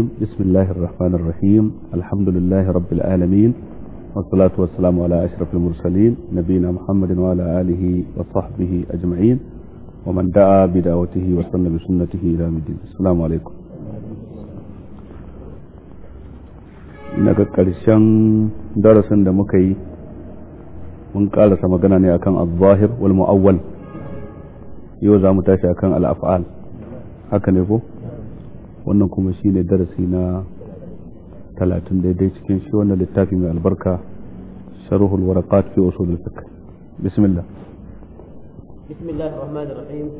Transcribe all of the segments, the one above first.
بسم الله الرحمن الرحيم الحمد لله رب العالمين والصلاة والسلام على أشرف المرسلين نبينا محمد وعلى آله وصحبه أجمعين ومن دعا بدعوته وسن بسنته إلى مدين السلام عليكم إنك كالشان درسا دمكي من قال mun ƙarasa magana ne akan al-zahir wal mu'awwal yau za wannan kuma shine darasi na talatin dai cikin shi wannan littafi mai albarka sharh al waraqat fi usul al-fiqh bismillah bismillahir rahmanir rahim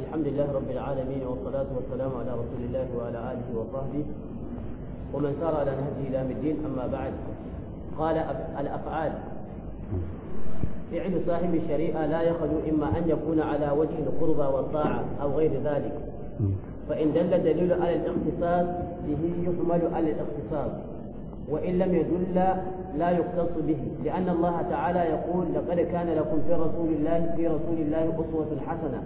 alhamdulillah rabbil alamin wa salatu wa salam ala rasulillah wa ala alihi wa sahbihi ومن سار على نهجه الى الدين اما بعد قال الافعال فعل صاحب الشريعه لا يخلو اما ان يكون على وجه القربى والطاعه او غير ذلك فإن دل دليل على الاختصاص به يحمل على الاختصاص وإن لم يدل لا يختص به لأن الله تعالى يقول لقد كان لكم في رسول الله في رسول الله أسوة حسنة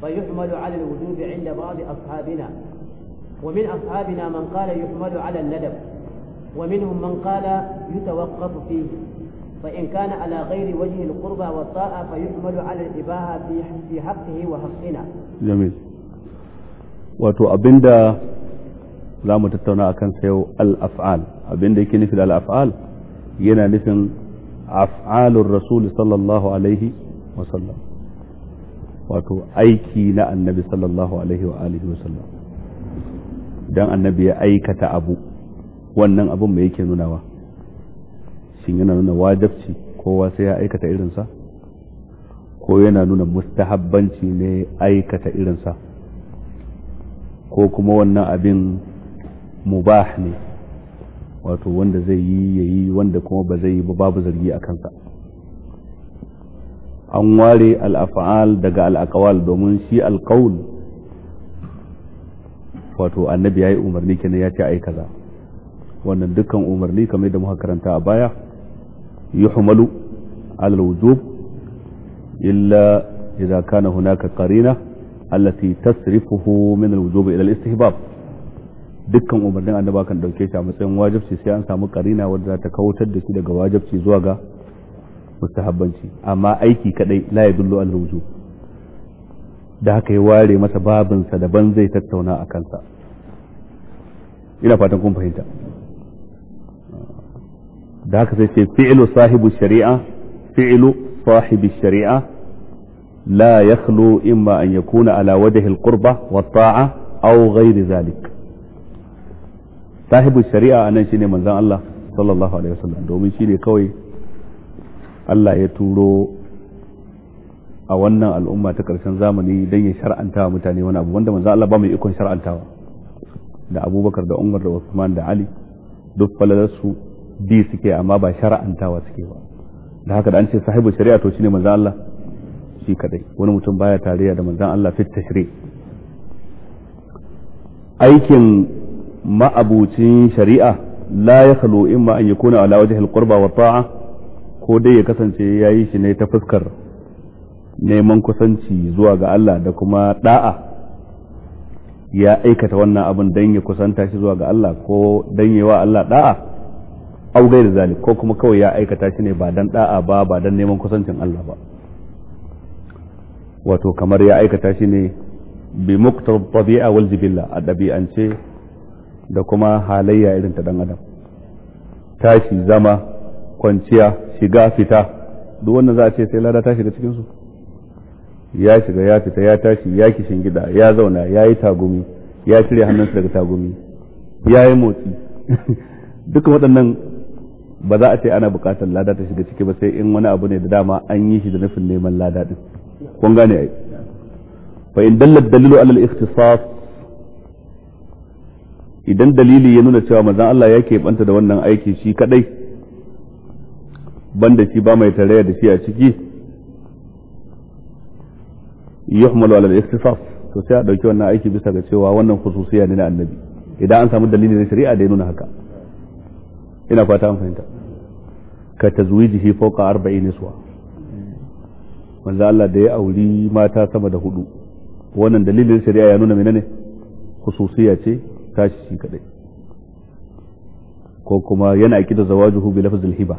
فيحمل على الوجوب عند بعض أصحابنا ومن أصحابنا من قال يحمل على الندب ومنهم من قال يتوقف فيه فإن كان على غير وجه القربى والطاعة فيحمل على الإباحة في حقه وحقنا جميل wato abinda za mu tattauna a kan sayo al'af'al abinda yake nufi da al'af'al yana nufin af'alun rasul sallallahu alaihi wasallam wato aiki na annabi sallallahu alaihi wa alihi wasallam don annabi ya aikata abu wannan abin mai yake nunawa shin yana nuna wajabci kowa sai ya aikata irinsa ko yana nuna mustahabbanci ne aikata irinsa ko kuma wannan abin mubah ne wato wanda zai yi ya yi wanda kuma ba zai yi ba babu zargi a kansa an ware al'afa'al daga al'akawal domin shi alƙaul wato annabi ya yi umarni kenan ya ce ai kaza wannan dukkan umarni kamar da muka karanta a baya yuhmalu alal wujub illa idza kana hunaka qarina التي تصرفه min الوجوب الى الاستحباب dukkan umarnin annaba kan dauke shi a matsayin wajibci sai an samu karina wadda za ta kawutar da shi daga wajibci zuwa ga mustahabbanci amma aiki kadai la yadullu al wujub da haka ya ware masa babinsa daban zai tattauna a kansa ina fatan kun fahimta da haka sai ce fi'lu sahibu shari'a fi'lu sahibi shari'a لا يخلو إما أن يكون على وجه القربة والطاعة أو غير ذلك صاحب الشريعة أنا شيني من ذا الله صلى الله عليه وسلم دومي شيني كوي الله يتورو a wannan al'umma ta karshen zamani don ya shar'anta wa mutane wani abu wanda manzo Allah ba mai ikon shar'antawa da Abubakar da Umar da Usman da Ali duk falalarsu bi suke amma ba shar'antawa suke ba da haka da an ce sahibu shari'a to shine manzo Allah shi kadai wani mutum baya tarayya da manzon Allah fit tashri aikin ma'abucin shari'a la ya khalu imma an yakuna ala wajhi al-qurba wa ta'a ko dai ya kasance yayi shi ne ta fuskar neman kusanci zuwa ga Allah da kuma da'a ya aikata wannan abun dan ya kusanta shi zuwa ga Allah ko dan yawa Allah da'a au gairi zalik ko kuma kawai ya aikata shi ne ba dan da'a ba ba dan neman kusancin Allah ba wato kamar ya aikata shi ne bi muktar tabi'a wal jibilla a ɗabi'ance da kuma halayya irin ta dan adam tashi zama kwanciya shiga fita duk wannan za a ce sai lada ta shiga cikin ya shiga ya fita ya tashi ya kishin gida ya zauna ya yi tagumi ya cire hannunsa daga tagumi ya yi motsi duk waɗannan ba za a ce ana buƙatar lada ta shiga ciki ba sai in wani abu ne da dama an yi shi da nufin neman lada din kun gane ai fa in dalla dalilu ala al-ikhtisas idan dalili ya nuna cewa manzon Allah ya keɓanta da wannan aiki shi kadai banda shi ba mai tarayya da shi a ciki yuhmalu ala al-ikhtisas to sai a dauki wannan aiki bisa ga cewa wannan khususiya ne na annabi idan an samu dalili na shari'a da ya nuna haka ina fata an fahimta ka tazwijihi fawqa 40 niswa manzo Allah da ya auri mata sama da hudu wannan dalilin shari'a ya nuna menene khususiyya ce tashi shi kadai ko kuma yana akida zawajuhu bi lafzil hiba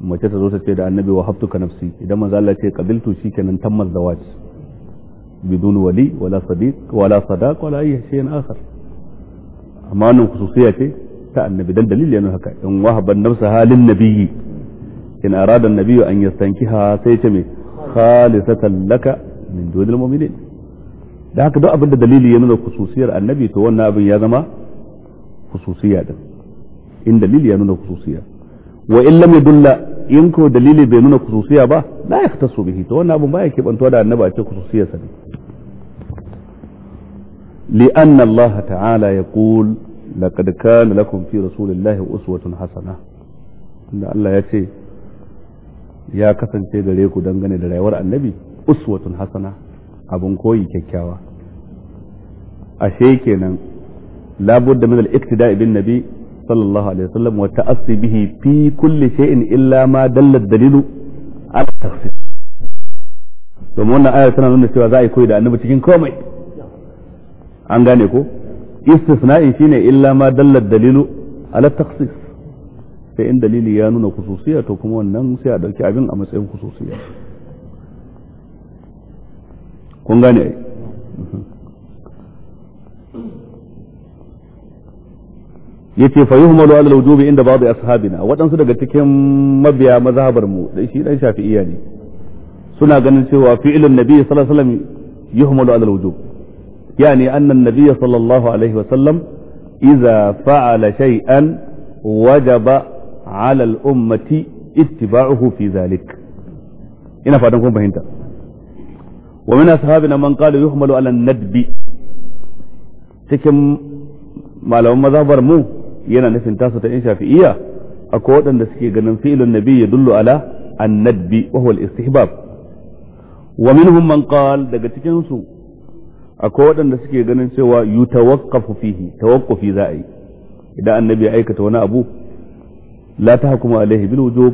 mace ta zo ta ce da annabi wa habtuka nafsi idan manzo Allah ce qabiltu shikenan tammal zawaj bidun wali wala sadiq wala sadaq wala ayyi shay'in akhar amma nan khususiyya ce ta annabi dan dalili yana haka in wahaban nafsa halin nabiyyi in arada an an yastankiha sai ce me خالصة لك min dunil mu'minin da haka duk abin da dalili ya nuna khususiyar annabi to wannan abin ya zama khususiya din in dalili ya nuna khususiya wa in lam yadulla in ko dalili bai nuna khususiya ba la yaktasu bihi to wannan abin baya kibantuwa da annabi a ce khususiyar sa ne لأن الله تعالى يقول لقد كان لكم في رسول الله أسوة حسنة أن الله يأتي ya kasance gare ku dangane da rayuwar annabi uswatun hasana abun koyi kyakkyawa ashe kenan labudda min al-iktida bin nabi sallallahu alaihi wasallam wa ta'assi bihi fi kulli shay'in illa ma dalla dalilu ala to domin wannan ayar tana nuna cewa za a yi koyi da annabi cikin komai an gane ko istisna'i shine illa ma dalla dalilu ala tafsir sai in dalili ya nuna kususiya to kuma wannan sai a dauki abin a matsayin kususiya kun gane ai yace fa yuhmalu ala al-wujubi inda ba'd ashabina wadansu daga cikin mabiya mazhabar mu dai shi dan shafi'iyya ne suna ganin cewa fi'ilun nabiy sallallahu alaihi wasallam yuhmalu ala al-wujub yani anna an-nabiy sallallahu alaihi wasallam idza fa'ala shay'an wajaba على الأمة اتباعه في ذلك إن فاتنكم بهنت ومن أصحابنا من قال يحمل على الندب تكم ما لو ما ظهر مو ينا نفن تاسة إن شافئية أقول أن نسكي قنن فعل النبي يدل على الندب وهو الاستحباب ومنهم من قال دقا تكنسو أقول أن نسكي قنن سوى يتوقف فيه توقف في ذائي إذا النبي عيكة ونا أبوه لا تحكم عليه بالوجوب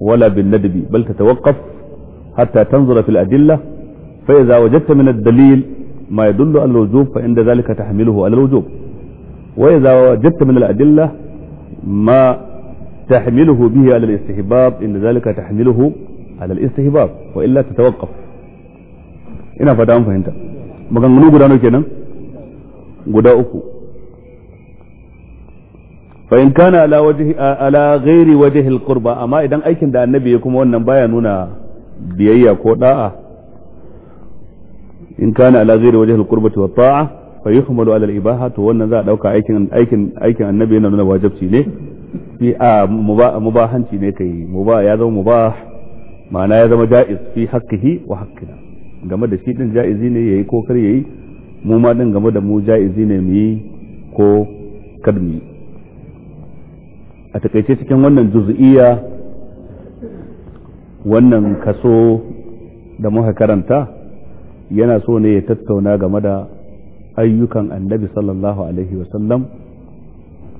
ولا بالندب بل تتوقف حتى تنظر في الأدلة فإذا وجدت من الدليل ما يدل على الوجوب فإن ذلك تحمله على الوجوب وإذا وجدت من الأدلة ما تحمله به على الاستحباب إن ذلك تحمله على الاستحباب وإلا تتوقف ina فتاهم an fahimta maganganu guda fa in kana ala wajhi ala ghairi wajhi alqurba amma idan aikin da annabi ya kuma wannan baya nuna biyayya ko da'a in kana ala ghairi wajhi alqurba wa ta'a fa yuhmalu ala al-ibaha to wannan za a dauka aikin aikin aikin annabi yana nuna wajibi ne fi a mubahanci ne kai muba ya zama mubah ma'ana ya zama ja'iz fi haqqihi wa haqqina game da shi din ja'izi ne yayi ko kar yayi mu ma din game da mu ja'izi ne mu yi ko kadmi. mu yi a takaice cikin wannan juz'iyya wannan kaso da muka karanta yana so ne ya tattauna game da ayyukan annabi sallallahu alaihi wasallam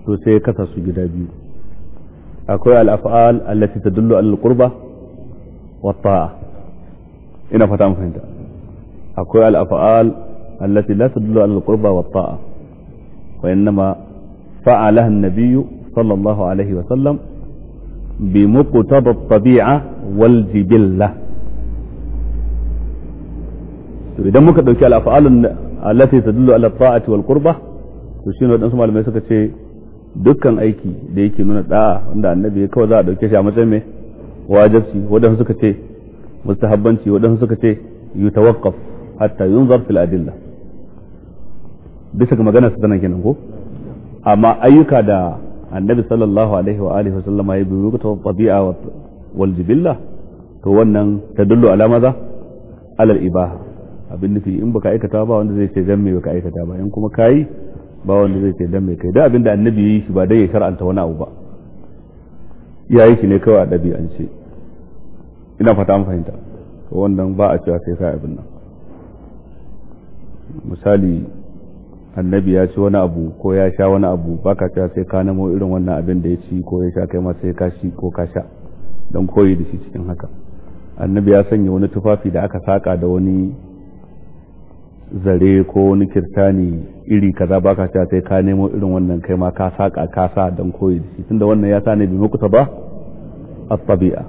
to sai ya kasa su gida biyu akwai al'af'al allati tadullu alal qurba wa ta'a ina fata mun fahimta akwai al'af'al allati la tadullu alal qurba wa ta'a wa innama fa'alaha an-nabiyyu صلى الله عليه وسلم بمقتضى الطبيعة والجبلة idan muka ɗauki al'afa'alun allati tadullu ala ta'ati wal qurba to shine dukkan aiki da yake nuna da'a wanda annabi kawai za a dauke shi a matsayin mai wajibci wadansu suka ce mustahabbanci wadansu suka ce yutawaqqaf hatta yunzar fil adilla bisa ga maganar nan kenan ko amma ayyuka da annabi sallallahu alaihi wa alihi wasallama ya biyu ta tabi'a wal jibilla to wannan dullo ala maza alal ibaha abin nufi in baka aikata ba wanda zai ce dan me baka aikata ba in kuma kai ba wanda zai ce dan me kai da abin da annabi yi shi ba dai ya shar'anta wani abu ba yayi shi ne kawai a ɗabi'ance ina fata an fahimta to wannan ba a cewa sai sai abin nan misali annabi ya ci wani abu ko ya sha wani abu baka cewa sai ka nemo irin wannan abin da ya ci ko ya sha kai ma sai ka shi ko ka sha don koyi da shi cikin haka annabi ya sanya wani tufafi da aka saka da wani zare ko wani kirtani iri kaza baka cewa sai ka nemo irin wannan kai ma ka saka ka sa don koyi da shi tunda wannan ya sa ne bi mukuta ba at-tabi'a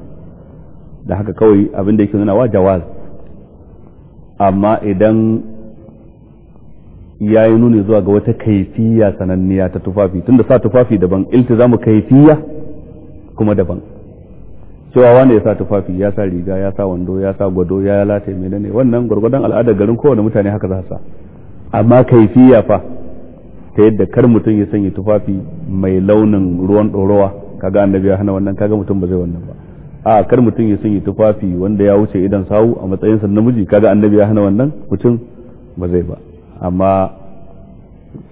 da haka kawai abin da yake nuna wa jawaz amma idan ya yi nuni zuwa ga wata kaifiya sananniya ta tufafi tunda sa tufafi daban iltizamu kaifiya kuma daban cewa wanda ya sa tufafi ya sa riga ya sa wando ya sa gwado ya mai menene wannan gwargwadon al'adar garin kowane mutane haka za sa amma kaifiya fa ta yadda kar mutum ya sanya tufafi mai launin ruwan ɗorowa kaga annabi ya hana wannan kaga mutum ba zai wannan ba a kar mutum ya sanya tufafi wanda ya wuce idan sawu a matsayinsa namiji kaga annabi ya hana wannan mutum ba zai ba amma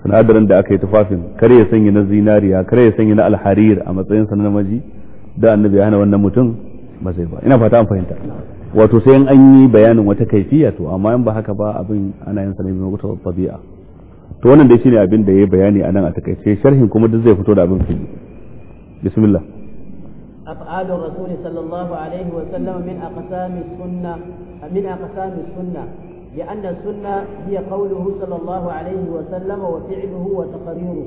sinadarin da aka yi tufafin kar ya sanya na zinariya kar ya sanya na alharir a matsayin sa na namiji da annabi ya hana wannan mutum ba zai ba ina fata an fahimta wato sai an yi bayanin wata kaifiya to amma in ba haka ba abin ana yin sanin wata tabi'a to wannan dai shine abin da yayi bayani anan a takaice sharhin kuma duk zai fito da abin fili bismillah أفعال الرسول صلى الله عليه وسلم من أقسام السنة من أقسام السنة لأن السنة هي قوله صلى الله عليه وسلم وفعله وتقريره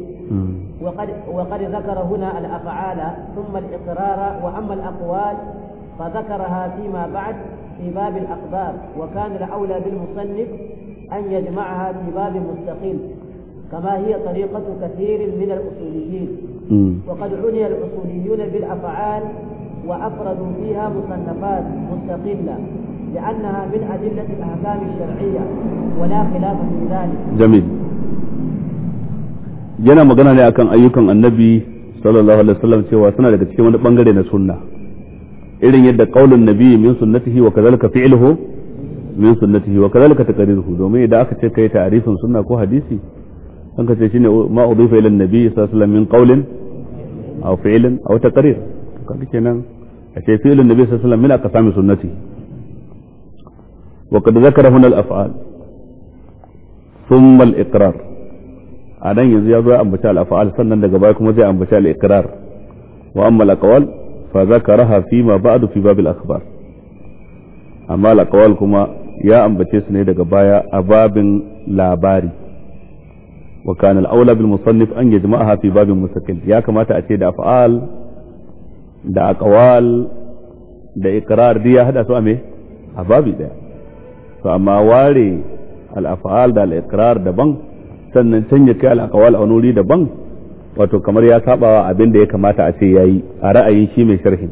وقد, وقد ذكر هنا الأفعال ثم الإقرار وأما الأقوال فذكرها فيما بعد في باب الأقدار وكان الأولى بالمصنف أن يجمعها في باب مستقل كما هي طريقة كثير من الأصوليين وقد عني الأصوليون بالأفعال وأفردوا فيها مصنفات مستقلة لأنها من أدلة الأحكام الشرعية ولا خلاف في ذلك جميل yana magana ne akan ayyukan annabi sallallahu alaihi wasallam cewa suna daga cikin wani bangare na sunna irin yadda qaulun nabi min sunnatihi wa kadhalika fi'luhu min sunnatihi wa kadhalika taqriruhu domin idan aka ce kai ta'rifin sunna ko hadisi an ka ce shine ma udifa ila annabi sallallahu alaihi wasallam min qaulin aw fi'lin aw taqrir kaga kenan a ce fi'lun nabi sallallahu alaihi wasallam min aqsami sunnatihi وقد ذكر هنا الأفعال ثم الإقرار أنا يزيد أنبتاء الأفعال سنن لقبائكم وزي أنبتاء الإقرار وأما الأقوال فذكرها فيما بعد في باب الأخبار أما الأقوال كما يا أنبتيس نيدا قبايا أباب لاباري وكان الأولى بالمصنف أن يجمعها في باب مستقل يا كما تأتي دا أفعال دا أقوال دا إقرار دي هذا سؤال أبابي ده to amma ware al'afa'al da al'iqrar daban sannan can kai al'akawal a wani daban wato kamar ya sabawa abin da ya kamata a ce ya yi a ra'ayin shi mai sharhin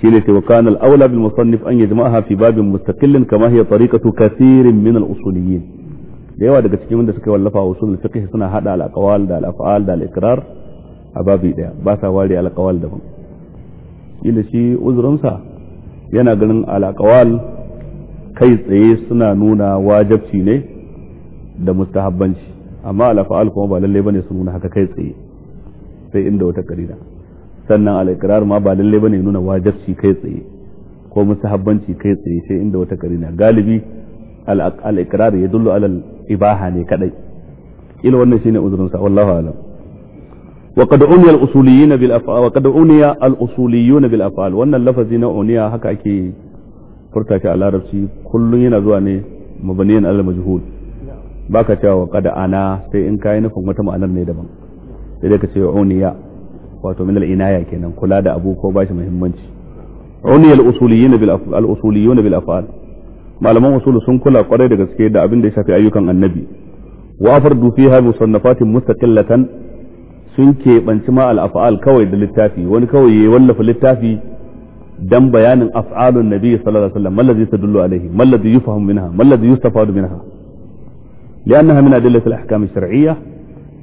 shine ce wa kana al bil musannif an jama'a fi babin mustaqillin kama hiya tariqatu kasirin min al da yawa daga cikin wanda suka wallafa usulun fiqh suna hada al'akawal da al’afa’al da al a babi daya ba sa ware al'akawal daban. daban ila shi uzurinsa yana ganin al'akawal. kai tsaye suna nuna wajabci ne da mustahabbanci amma alfa'al kuma ba lalle bane su nuna haka kai tsaye sai inda wata karina sannan al-iqrar ma ba lalle bane nuna wajabci kai tsaye ko mustahabbanci kai tsaye sai inda wata karina galibi al-iqrar yadullu ala al-ibaha ne kadai ila wannan shine uzurin sa wallahu alam وقد عني الأصوليين بالأفعال وقد عني الأصوليون بالأفعال وأن اللفظ هنا haka هكا furta shi a larabci kullum yana zuwa ne mabaniyan alal majhul baka cewa qad ana sai in kai nufin wata ma'anar ne daban sai dai ka ce uniya wato min al inaya kenan kula da abu ko bashi muhimmanci uniya al usuliyyin bil al usuliyyin bil afal malaman usulu sun kula kwarai da gaske da abin da ya shafi ayyukan annabi wa afardu fiha musannafatin mustaqillatan sun keɓanci ma al afal kawai da littafi wani kawai ya wallafa littafi dan bayanin af'alun nabi sallallahu alaihi wasallam mallazi tadullu alaihi mallazi yufhamu minha mallazi yustafadu minha li'annaha min adillat al-ahkam ash-shar'iyyah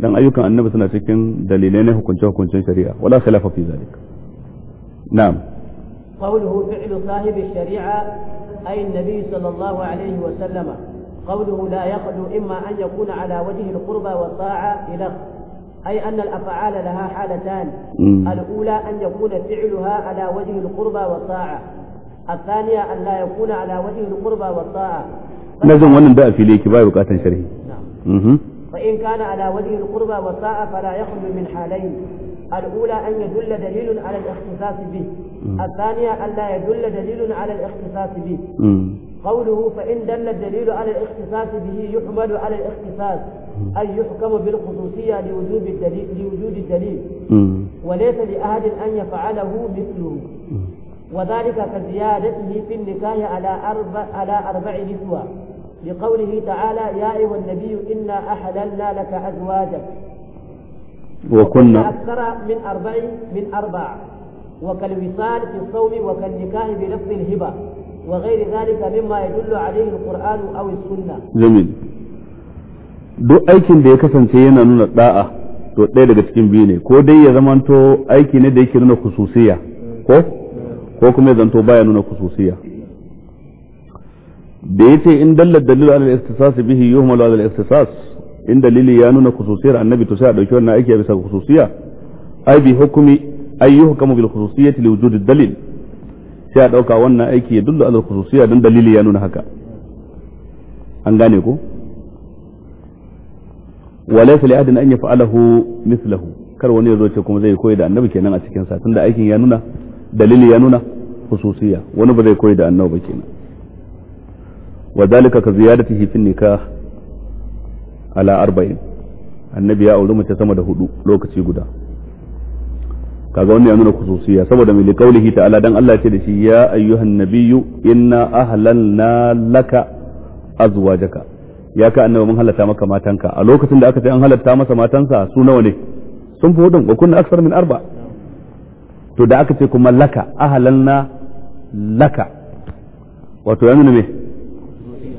dan ayyukan annabi suna cikin dalilai ne hukunce hukuncen shari'a wala khilafa fi zalik na'am qawluhu fi'lu sahibi ash-shari'a ay an-nabi sallallahu alaihi wasallam qawluhu la yaqdu imma an yakuna ala wajhi al-qurba wa ta'a ila أي أن الأفعال لها حالتان الأولى أن يكون فعلها على وجه القربى والطاعة الثانية أن لا يكون على وجه القربى والطاعة لازم وانا بقى في ليك باي بقاتا شرحي نعم فإن كان على وجه القربى والطاعة فلا يخلو من حالين الأولى أن يدل دليل على الاختصاص به الثانية أن لا يدل دليل على الاختصاص به قوله فإن دل الدليل على الاختصاص به يحمل على الاختصاص أي يحكم بالخصوصية لوجود الدليل, لوجود الدليل وليس لأحد أن يفعله مثله وذلك كزيادته في النكاح على أربع, على أربع نسوة لقوله تعالى يا أيها النبي إنا أحللنا لك أزواجك وكنا أكثر من أربع من أربع وكالوصال في الصوم وكالنكاح بلفظ الهبة وغير ذلك مما يدل عليه القرآن أو السنة جميل duk aikin da ya kasance yana nuna da'a to ɗaya daga cikin biyu ne ko dai ya zamanto aiki ne da yake nuna kususiya ko ko kuma ya zanto baya nuna kususiya da ya ce in dallar dalilu ala al-istisas bihi yuhmalu ala al-istisas in dalili ya nuna kususiyar annabi to sai a dauki wannan aiki a bisa kususiya ai bi hukumi ay yuhkamu bil khususiyyati li wujud dalil sai a ɗauka wannan aiki ya dulla alal khususiyya don dalili ya nuna haka an gane ko walai li ahadin an yaf'alahu mithluhu kar wani ya zo ce kuma zai koyi da annabi kenan a cikin sa tunda aikin ya nuna dalili ya nuna khususiyya wani ba zai koyi da annabi ba kenan wa zalika ka ziyadatihi fi nikah ala arba'in annabi ya auri mace sama da hudu lokaci guda kaga wannan ya nuna kususiya saboda mai liqaulihi ta'ala dan Allah ce da shi ya ayyuhan nabiyyu inna ahlalna laka azwajaka ya ka annabi mun halatta maka matanka a lokacin da aka ce an halatta masa matansa su nawa ne sun fi hudun wa na aksar min arba to da aka ce kuma laka ahlalna laka wato ya nuna me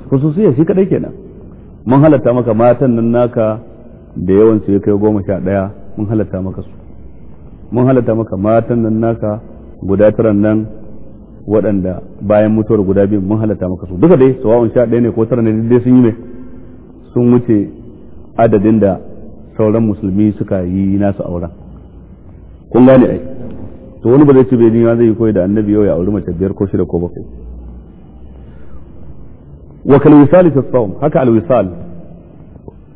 kususiya shi kadai kenan mun halatta maka matan nan naka da yawan su ya kai goma sha daya mun halatta maka su mun halatta maka matan nan naka guda taran nan waɗanda bayan mutuwar guda biyu mun halatta maka su duka dai sawa'un sha ɗaya ne ko tara ne dai sun yi mai sun wuce adadin da sauran musulmi suka yi nasu auren kun gane ai to wani ba zai ci bai zai yi koyi da annabi yau ya auri mace biyar ko shida ko bakwai wa kal wisal fi sawm haka al wisal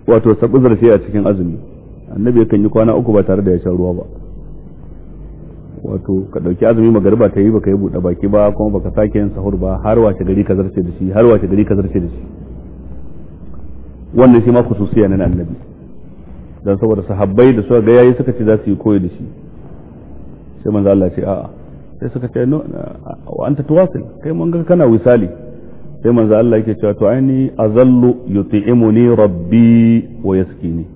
wato sabu zarfi a cikin azumi annabi yakan yi kwana uku ba tare da ya sha ruwa ba wato ka dauki azumi magariba ta yi baka yi buɗe baki ba kuma baka sake yin sahur ba har wace gari ka zarce da shi har wace gari ka zarce da shi wannan shi ma khususiya na annabi dan saboda sahabbai da suka ga yayi suka ce za su yi koyi da shi sai manzo Allah ce a'a sai suka ce no wa anta tuwasil kai mun ga kana wisali sai manzo Allah yake cewa to aini azallu yuti'imuni rabbi wa yaskini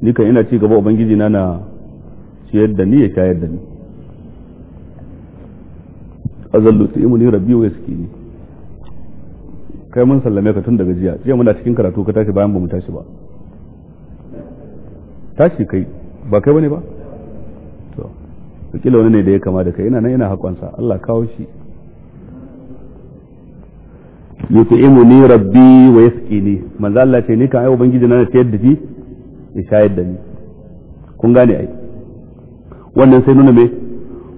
ni kan ina ci gaba ubangiji na na ciyar da ni ya shayar da ni azallu tu'imuni rabbi wa yaskini kai mun sallame ka tun daga jiya jiya muna cikin karatu ka tashi bayan bamu tashi ba tashi kai ba kai bane ba to kila wani ne da ya kama da kai ina nan ina hakonsa Allah kawo shi yut'imuni rabbi wa yaskini manzo Allah ce ni kan ai ubangiji na ta da shi ya shayar da ni kun gane ai wannan sai nuna me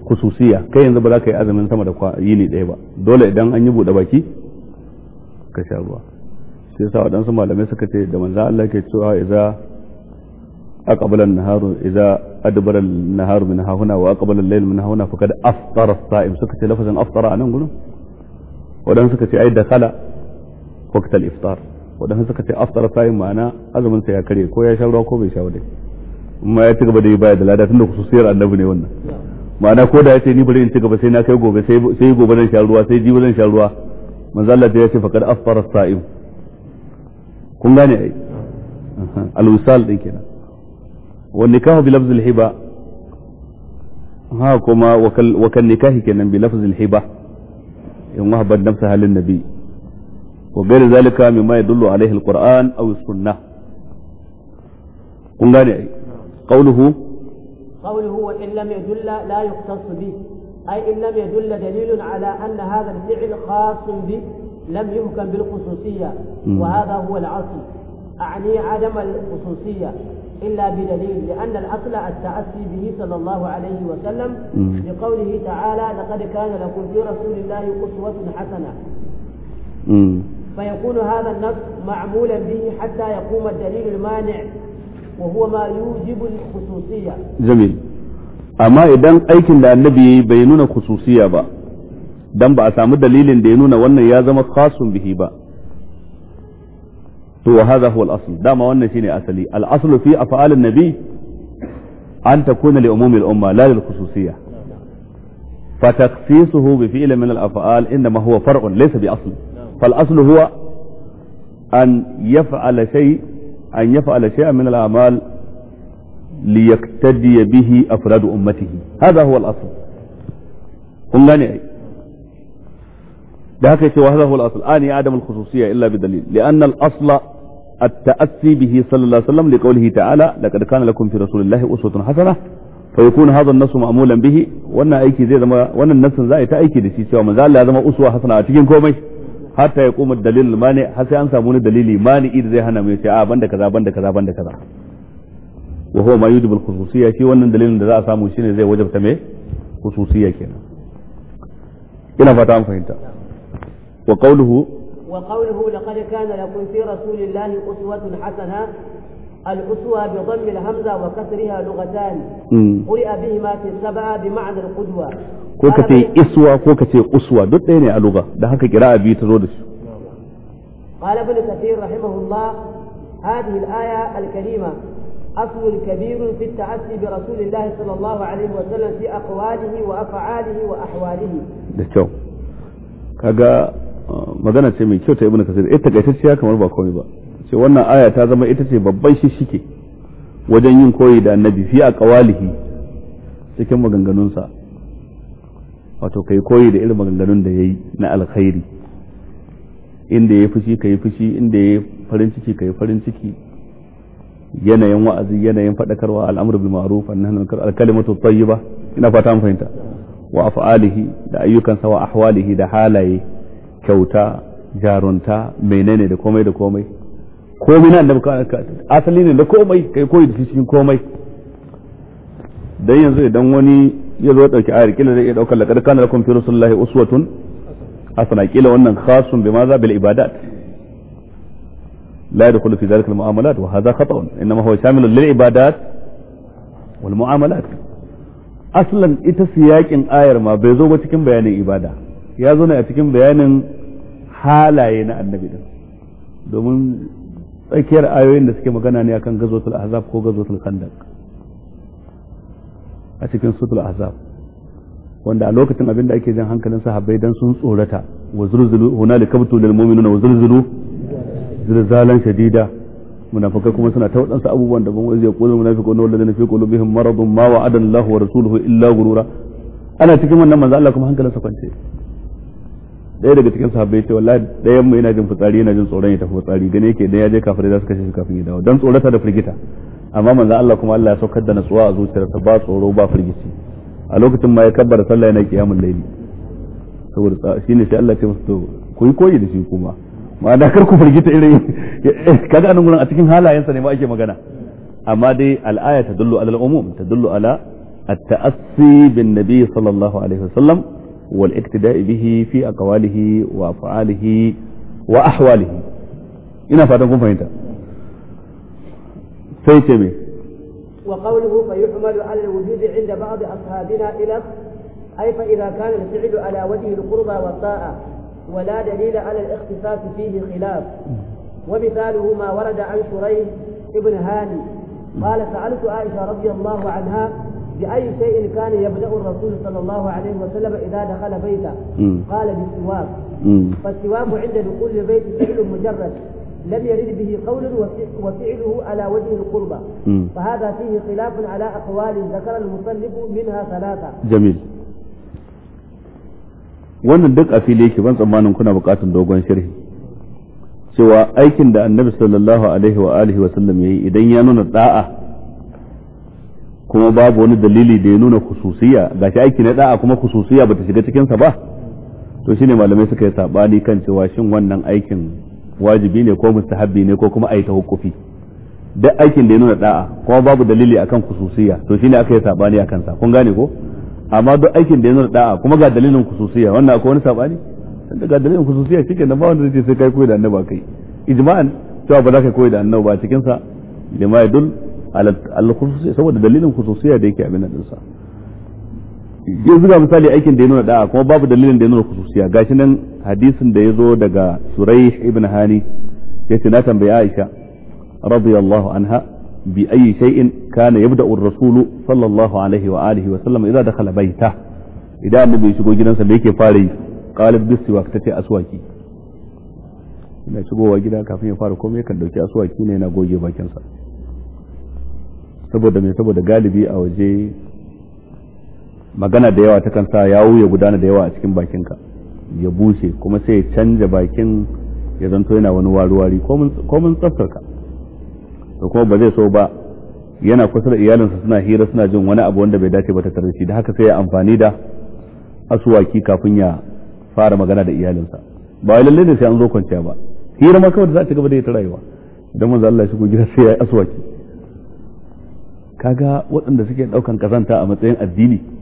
kususiya kai yanzu ba za ka yi azumin sama da yini ɗaya ba dole idan an yi buɗe baki ka sha ruwa sai sa waɗansu malamai suka ce da manzo Allah ke cewa idza aqbala an-naharu idan adbara an-naharu min hahuna wa aqbala al-layl min hahuna fuka da as-sa'im suka ce lafazin a nan gudun. waɗansu suka ce ai da kala al-iftar waɗansu suka ce aftar sa'im ma'ana azumin sa ya karye ko ya sha ruwa ko bai sha wadai amma ya ci gaba da yi baya da lada tunda kususiyar annabi ne wannan ma'ana ko da ya ce ni bari in ci gaba sai na kai gobe sai gobe zan sha ruwa sai jibi zan sha ruwa manzo Allah ya ce faqad afara saim kun gane ai al-wisal din kenan wa nikahu bi lafz al-hiba ha kuma wa kan nikahi kenan bi lafz al-hiba in wahabat nafsa halin nabi wa ghayr zalika mimma yadullu alayhi al-qur'an aw as-sunnah kun gane ai qawluhu قوله وإن لم يدل لا يختص به أي إن لم يدل دليل على أن هذا الفعل خاص به لم يحكم بالخصوصية وهذا هو العصر أعني عدم الخصوصية إلا بدليل لأن الأصل التأسي به صلى الله عليه وسلم لقوله تعالى لقد كان لكم في رسول الله أسوة حسنة فيكون هذا النص معمولا به حتى يقوم الدليل المانع وهو ما يوجب الخصوصية جميل أما إذا أيك النبي بينون خصوصية با دم با أسامة دليل دينون وأن يازم خاص به با هو هذا هو الأصل دام وأن شيني أسلي الأصل في أفعال النبي أن تكون لأموم الأمة لا للخصوصية فتخصيصه بفعل من الأفعال إنما هو فرع ليس بأصل نعم. فالأصل هو أن يفعل شيء أن يفعل شيئا من الأعمال ليقتدي به أفراد أمته هذا هو الأصل قم غني ده كيف وهذا هو الأصل آني عدم الخصوصية إلا بدليل لأن الأصل التأسي به صلى الله عليه وسلم لقوله تعالى لقد كان لكم في رسول الله أسوة حسنة فيكون هذا النص مأمولا به وأن أيكي زي وأن النص زائد أيكي دي سيسي ومن ذا لازم أسوة حسنة أتجين كوميش hatta ya kuma dalil mani har sai an samu wani dalili mani idan zai hana mai ce a banda kaza banda kaza banda kaza wa huwa ma yujibu al-khususiyya shi wannan dalilin da za a samu shine zai wajabta mai khususiyya kenan ina fata an fahimta wa qawluhu wa qawluhu laqad kana lakum fi rasulillahi uswatun hasana الأسوة بضم الهمزة وكسرها لغتان قرئ بهما في السبعة بمعنى القدوة ko ka ce iswa ko ka ce uswa duk ɗaya ne a lugha da haka kira'a biyu ta zo da su قال ابن كثير رحمه الله هذه الآية الكريمة أصل كبير في التأسي برسول الله صلى الله عليه وسلم في أقواله وأفعاله وأحواله دكتور kaga ah, magana ce mai kyau ta ibnu ce ita takaitacciya kamar ba komai ba ce wannan aya ta zama ita ce babban shishike wajen yin koyi da annabi fi a kawalihi cikin maganganunsa wato kai koyi da irin maganganun da yayi na alkhairi inda yayi fushi kai fushi inda yayi farin ciki kai farin ciki yanayin wa'azi yanayin fadakarwa al'amru bil ma'ruf annahu al-kalimatu tayyiba ina fata an fahimta wa af'alihi da ayyukansa wa ahwalihi da halaye kyauta jarunta menene da komai da komai komai na annabi asali ne da komai kai koyi da cikin komai dan yanzu idan wani ya zo dauki ayar kila zai iya daukar laqad kana lakum fi rasulillahi uswatun hasana kila wannan khasun bima maza bil ibadat la yadkhulu fi dhalika al muamalat wa hadha khata'un inma huwa shamilun lil ibadat wal muamalat aslan ita siyakin ayar ma bai zo ba cikin bayanin ibada ya zo ne a cikin bayanin halaye na annabi din domin tsakiyar ayoyin da suke magana ne akan gazotul ahzab ko gazotul khandaq a cikin sutul ahzab wanda a lokacin abin da ake jan hankalin sahabbai dan sun tsorata wa zulzulu hunalika butul lil mu'minuna wa zulzulu zilzalan shadida munafika kuma suna ta wadansu abubuwan da ban ya qulul munafiquna walladheena fi qulubihim maradun ma wa'ada Allahu wa rasuluhu illa gurura ana cikin wannan manzo Allah kuma hankalinsa kwance ɗaya daga cikin sahabbai ce wallahi ɗayan mu yana jin fitsari yana jin tsoron ya tafi fitsari gane yake da ya je kafirai za su kashe shi kafin ya dawo dan tsorata da firgita amma manzo Allah kuma Allah ya saukar da natsuwa a zuciyarsa ba tsoro ba firgici a lokacin ma ya kabbara sallah yana kiyamul laili saboda shine sai Allah ya ce musu to ku yi koyi da shi kuma ma da kar ku firgita irin kaga anan gurin a cikin halayensa ne ma ake magana amma dai al'aya dullu ala umum ta dullu ala at-ta'assi bin nabi sallallahu alaihi wasallam wal iktida'i bihi fi aqwalihi wa أقواله wa ahwalihi ina fatan kun fahimta فيتمي وقوله فيحمل على الوجود عند بعض أصحابنا إلى أي فإذا كان الفعل على وجه القربى والطاعة ولا دليل على الاختصاص فيه خلاف ومثاله ما ورد عن شريح ابن هاني قال سألت عائشة رضي الله عنها بأي شيء كان يبدأ الرسول صلى الله عليه وسلم إذا دخل بيته قال بالسواك فالسواك عند دخول البيت فعل مجرد لم يرد به قول وفعله على وجه القربى فهذا فيه خلاف على أقوال ذكر المصنف منها ثلاثة جميل wannan duk a fili yake ban tsammanin kuna bukatun dogon sharhi cewa aikin da annabi sallallahu alaihi wa alihi wa sallam yayi idan ya nuna da'a kuma babu wani dalili da ya nuna khususiya gashi aiki na da'a kuma khususiya bata shiga cikinsa ba to shine malamai suka yi sabani kan cewa shin wannan aikin wajibi ne ko mustahabbi ne ko kuma ta hukufi duk aikin da ya nuna da'a kuma babu dalili akan kususiya to shine aka yi sabani akan sa kun gane ko amma duk aikin da ya nuna da'a kuma ga dalilin kususiya wannan akwai wani sabani tunda ga dalilin kususiya shike na ba wanda zai ce sai kai koyi da annaba kai ijma'an cewa ba za ka koyi da annaba ba cikin sa lima yadul al khususiya saboda dalilin kususiya da yake abin nan din sa ya zuga misali aikin da ya nuna da'a kuma babu dalilin da ya nuna kususiya gashi nan hadisin da ya zo daga surai ibn Hani ce na tambayi Aisha radiyallahu anha bi ayi shay'in kana yabda'u ar-rasul sallallahu alaihi wa alihi wa sallam idza dakhala baita idan annabi ya shigo gidansa me yake fara yi qalib bisiwak tace aswaki ina shigowa gida kafin ya fara komai kan dauki aswaki ne yana goge bakin sa saboda me saboda galibi a waje magana da yawa takan sa yawo ya gudana da yawa a cikin bakinka ya bushe kuma sai ya canja bakin ya zanto yana wani waruwari ko mun tsaftarka to kuma ba zai so ba yana kusa da iyalinsa suna hira suna jin wani abu wanda bai dace ba ta tare da haka sai ya amfani da asuwaki kafin ya fara magana da iyalinsa ba wai lalle ne sai an zo kwanciya ba hira ma kawai da za ta gaba da ita rayuwa idan manzo Allah shi ko gida sai ya yi asuwaki kaga waɗanda suke daukan kazanta a matsayin addini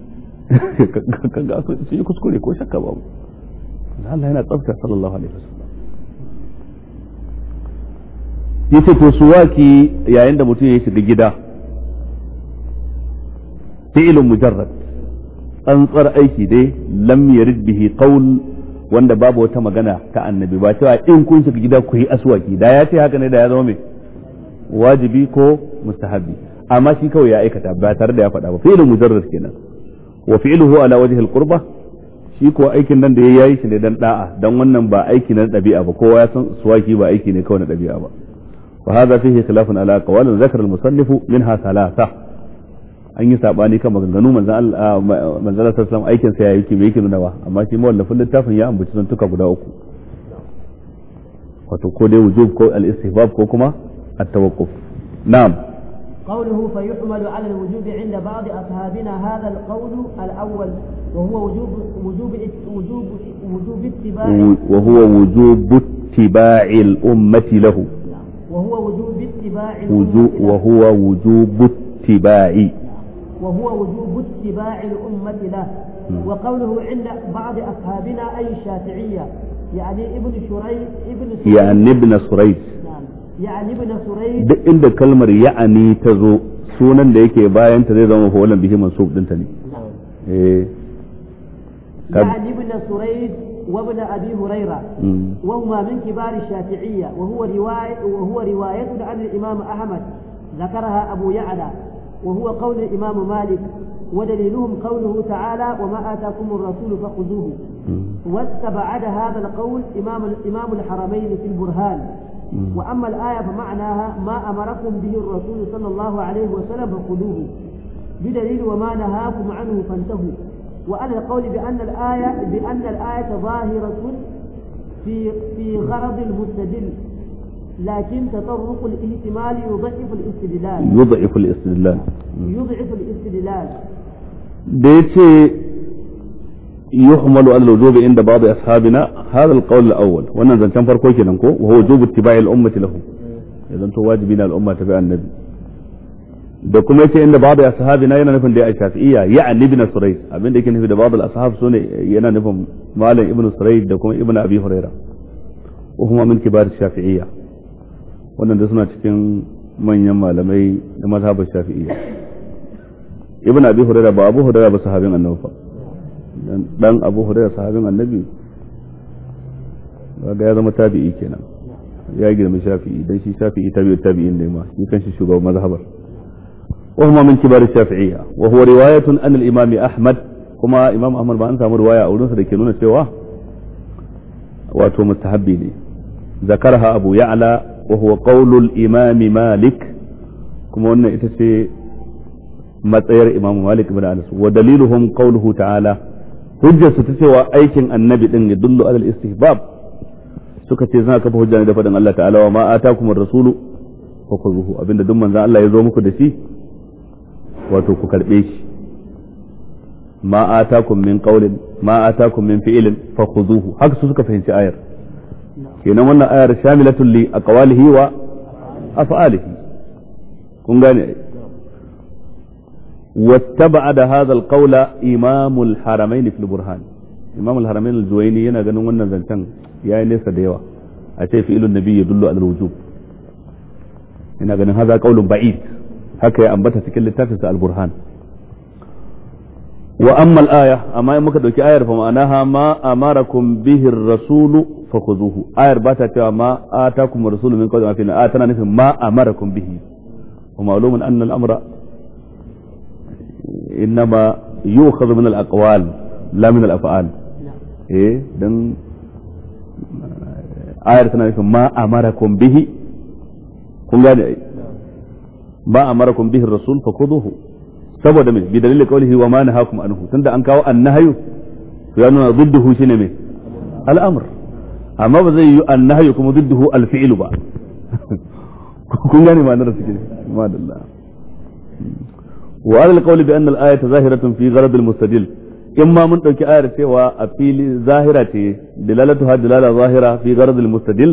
kaga su yi kuskure ko shakka babu Allah yana tsafta sallallahu alaihi wasallam yace to suwaki yayin da mutum ya shiga gida fi'ilun mujarrad tsantsar aiki dai lam yarid bihi qaul wanda babu wata magana ta annabi ba cewa in kun shiga gida ku yi aswaki da ya ce haka ne da ya zama me wajibi ko mustahabi amma shi kawai ya aikata ba tare da ya faɗa ba fi'ilun mujarrad kenan wa fi'luhu ala wajhi al shi ko aikin nan da ya yayi shi ne dan da'a dan wannan ba aiki na dabi'a ba kowa ya san suwaki ba aiki ne kawai na dabi'a ba wa hadha fihi khilafun ala qawlin zakar al-musannif minha thalatha an yi sabani kan maganganu manzon Allah ah, manzon sallallahu aikin sa yayi me yake nuna ba amma shi mawallafin littafin ya ambaci zantuka guda uku wato ko dai wujub ko al-istihbab ko kuma at-tawaqquf na'am قوله فيحمل على الوجوب عند بعض أصحابنا هذا القول الأول وهو وجوب وجوب وجوب وجوب اتباع وهو وجوب اتباع الأمة له نعم. وهو وجوب اتباع وهو وجوب اتباع وهو وجوب اتباع الأمة له وقوله عند بعض أصحابنا أي الشافعية يعني ابن شريح ابن يعني ابن سريج يعني ابن سريج duk inda kalmar ya'ani ta zo sunan da yake bayan ta zai zama fawalan bihi mansub din ta ne eh يعني ابن سريج وابن ابي هريره وهما من كبار الشافعيه وهو روايه وهو روايه عن الامام احمد ذكرها ابو يعلى وهو قول الامام مالك ودليلهم قوله تعالى وما آتاكم الرسول فخذوه واستبعد هذا القول إمام إمام الحرمين في البرهان وأما الآية فمعناها ما أمركم به الرسول صلى الله عليه وسلم فخذوه بدليل وما نهاكم عنه فانتهوا وأنا القول بأن الآية بأن الآية ظاهرة في في غرض المستدل لكن تطرق الاهتمال يضعف الاستدلال يضعف الاستدلال يضعف الاستدلال da yuhmalu al wujubi inda ba'd ashabina hadha al-qawl al-awwal wannan zancen farko kenan ko wa wujubu ittiba'i al-ummati lahu idan to wajibi na umma ta annabi da kuma yace inda ba'd na yana nufin da ya ya ya'ni ibn surayy abinda yake nufi da babu al-ashab sune yana nufin malam ibn surayy da kuma ibn abi ko kuma min kibar الشافعية wannan da suna cikin manyan malamai da mazhabar shafi'iyya ibn abi hurairah ba abu hurairah ba sahabin annabi dan abu hurairah sahabin annabi ga ya zama tabi'i kenan ya girma shafi'i dan shi shafi'i tabi'i tabi'in ne ma shi kanshi shugaban mazhabar وهما من كبار الشافعية وهو رواية أن الإمام أحمد كما إمام أحمد بأن سامر رواية أو نصر كنون سوا واتو مستحبين ذكرها أبو يعلى وهو قول الإمام مالك كما أن إتسي متير إمام مالك بن أنس ودليلهم قوله تعالى hujjar su ta cewa aikin annabi din ya dullu alal istihbab suka ce zan kafa hujja ne da faɗin Allah ta'ala wa ma atakum rasulu fakuzuhu abinda duk manzon Allah ya zo muku da shi wato ku karbe shi ma atakum min qawlin ma atakum min fi'lin fakhuzuhu haka su suka fahimci ayar kenan wannan ayar shamilatul li aqwalihi wa af'alihi kun gane واتبعد هذا القول إمام الحرمين في البرهان إمام الحرمين الزويني ينا قنون من نزلتن يا ليس ديوة أتي في النبي يدل على الوجوب ينا قنون هذا قول بعيد هكا أنبتها في كل تفس البرهان وأما الآية أما يمكن دوكي آية فما أناها ما أمركم به الرسول فخذوه آية باتا ما آتاكم الرسول من قدر ما فينا آتنا آية نفهم ما أمركم به ومعلوم أن الأمر innama yu'khadhu min al-aqwal la min al-af'al eh dan ayar tana nufin ma amarakum bihi kun gane ai ba mara bihi rasul fa kuduhu saboda mai bi dalilin qawlihi wa ma nahakum anhu tunda an kawo an na annahyu to ya nuna shi ne mai al'amur amma ba zai yi an na hayu kuma dudduhu al alfi'ilu ba kun gane ma'anar su ne madalla wa alal qawli bi anna al-ayata zahiratun fi gharad al in ma mun ɗauki ayar cewa a fili zahira ce dilalatu ha dilala zahira fi gharad al-mustadil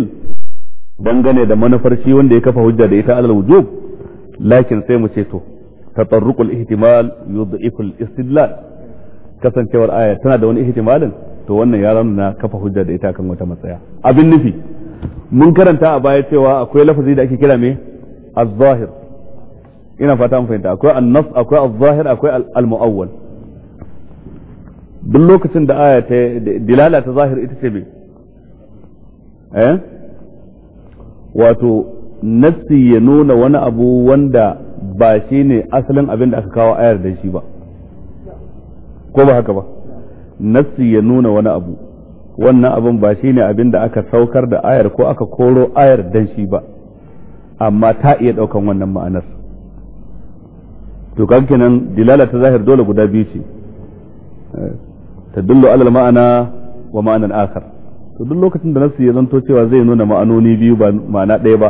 dangane da manufar wanda ya kafa hujja da ita alal wujub lakin sai mu ce to tatarruqul ihtimal yudhiful istidlal kasancewar aya tana da wani ihtimalin to wannan ya na kafa hujja da ita kan wata matsaya abin nufi mun karanta a baya cewa akwai lafazi da ake kira me az-zahir ina fata mun fahimta akwai annas akwai az-zahir akwai al-mu'awwal duk lokacin da aya ta dilala ta zahir ita ce me eh wato nafsi ya nuna wani abu wanda ba shi ne asalin abin da aka kawo ayar da shi ba ko ba haka ba nafsi ya nuna wani abu wannan abin ba shi ne abin da aka saukar da ayar ko aka koro ayar dan shi ba amma ta iya ɗaukan wannan ma'anar to kan kenan dilala ta zahir dole guda biyu ce eh, tadullu alal ma'ana wa ma'anan akhar to duk lokacin da nasu ya zanto cewa zai nuna ma'anoni biyu ba ma'ana ɗaya ba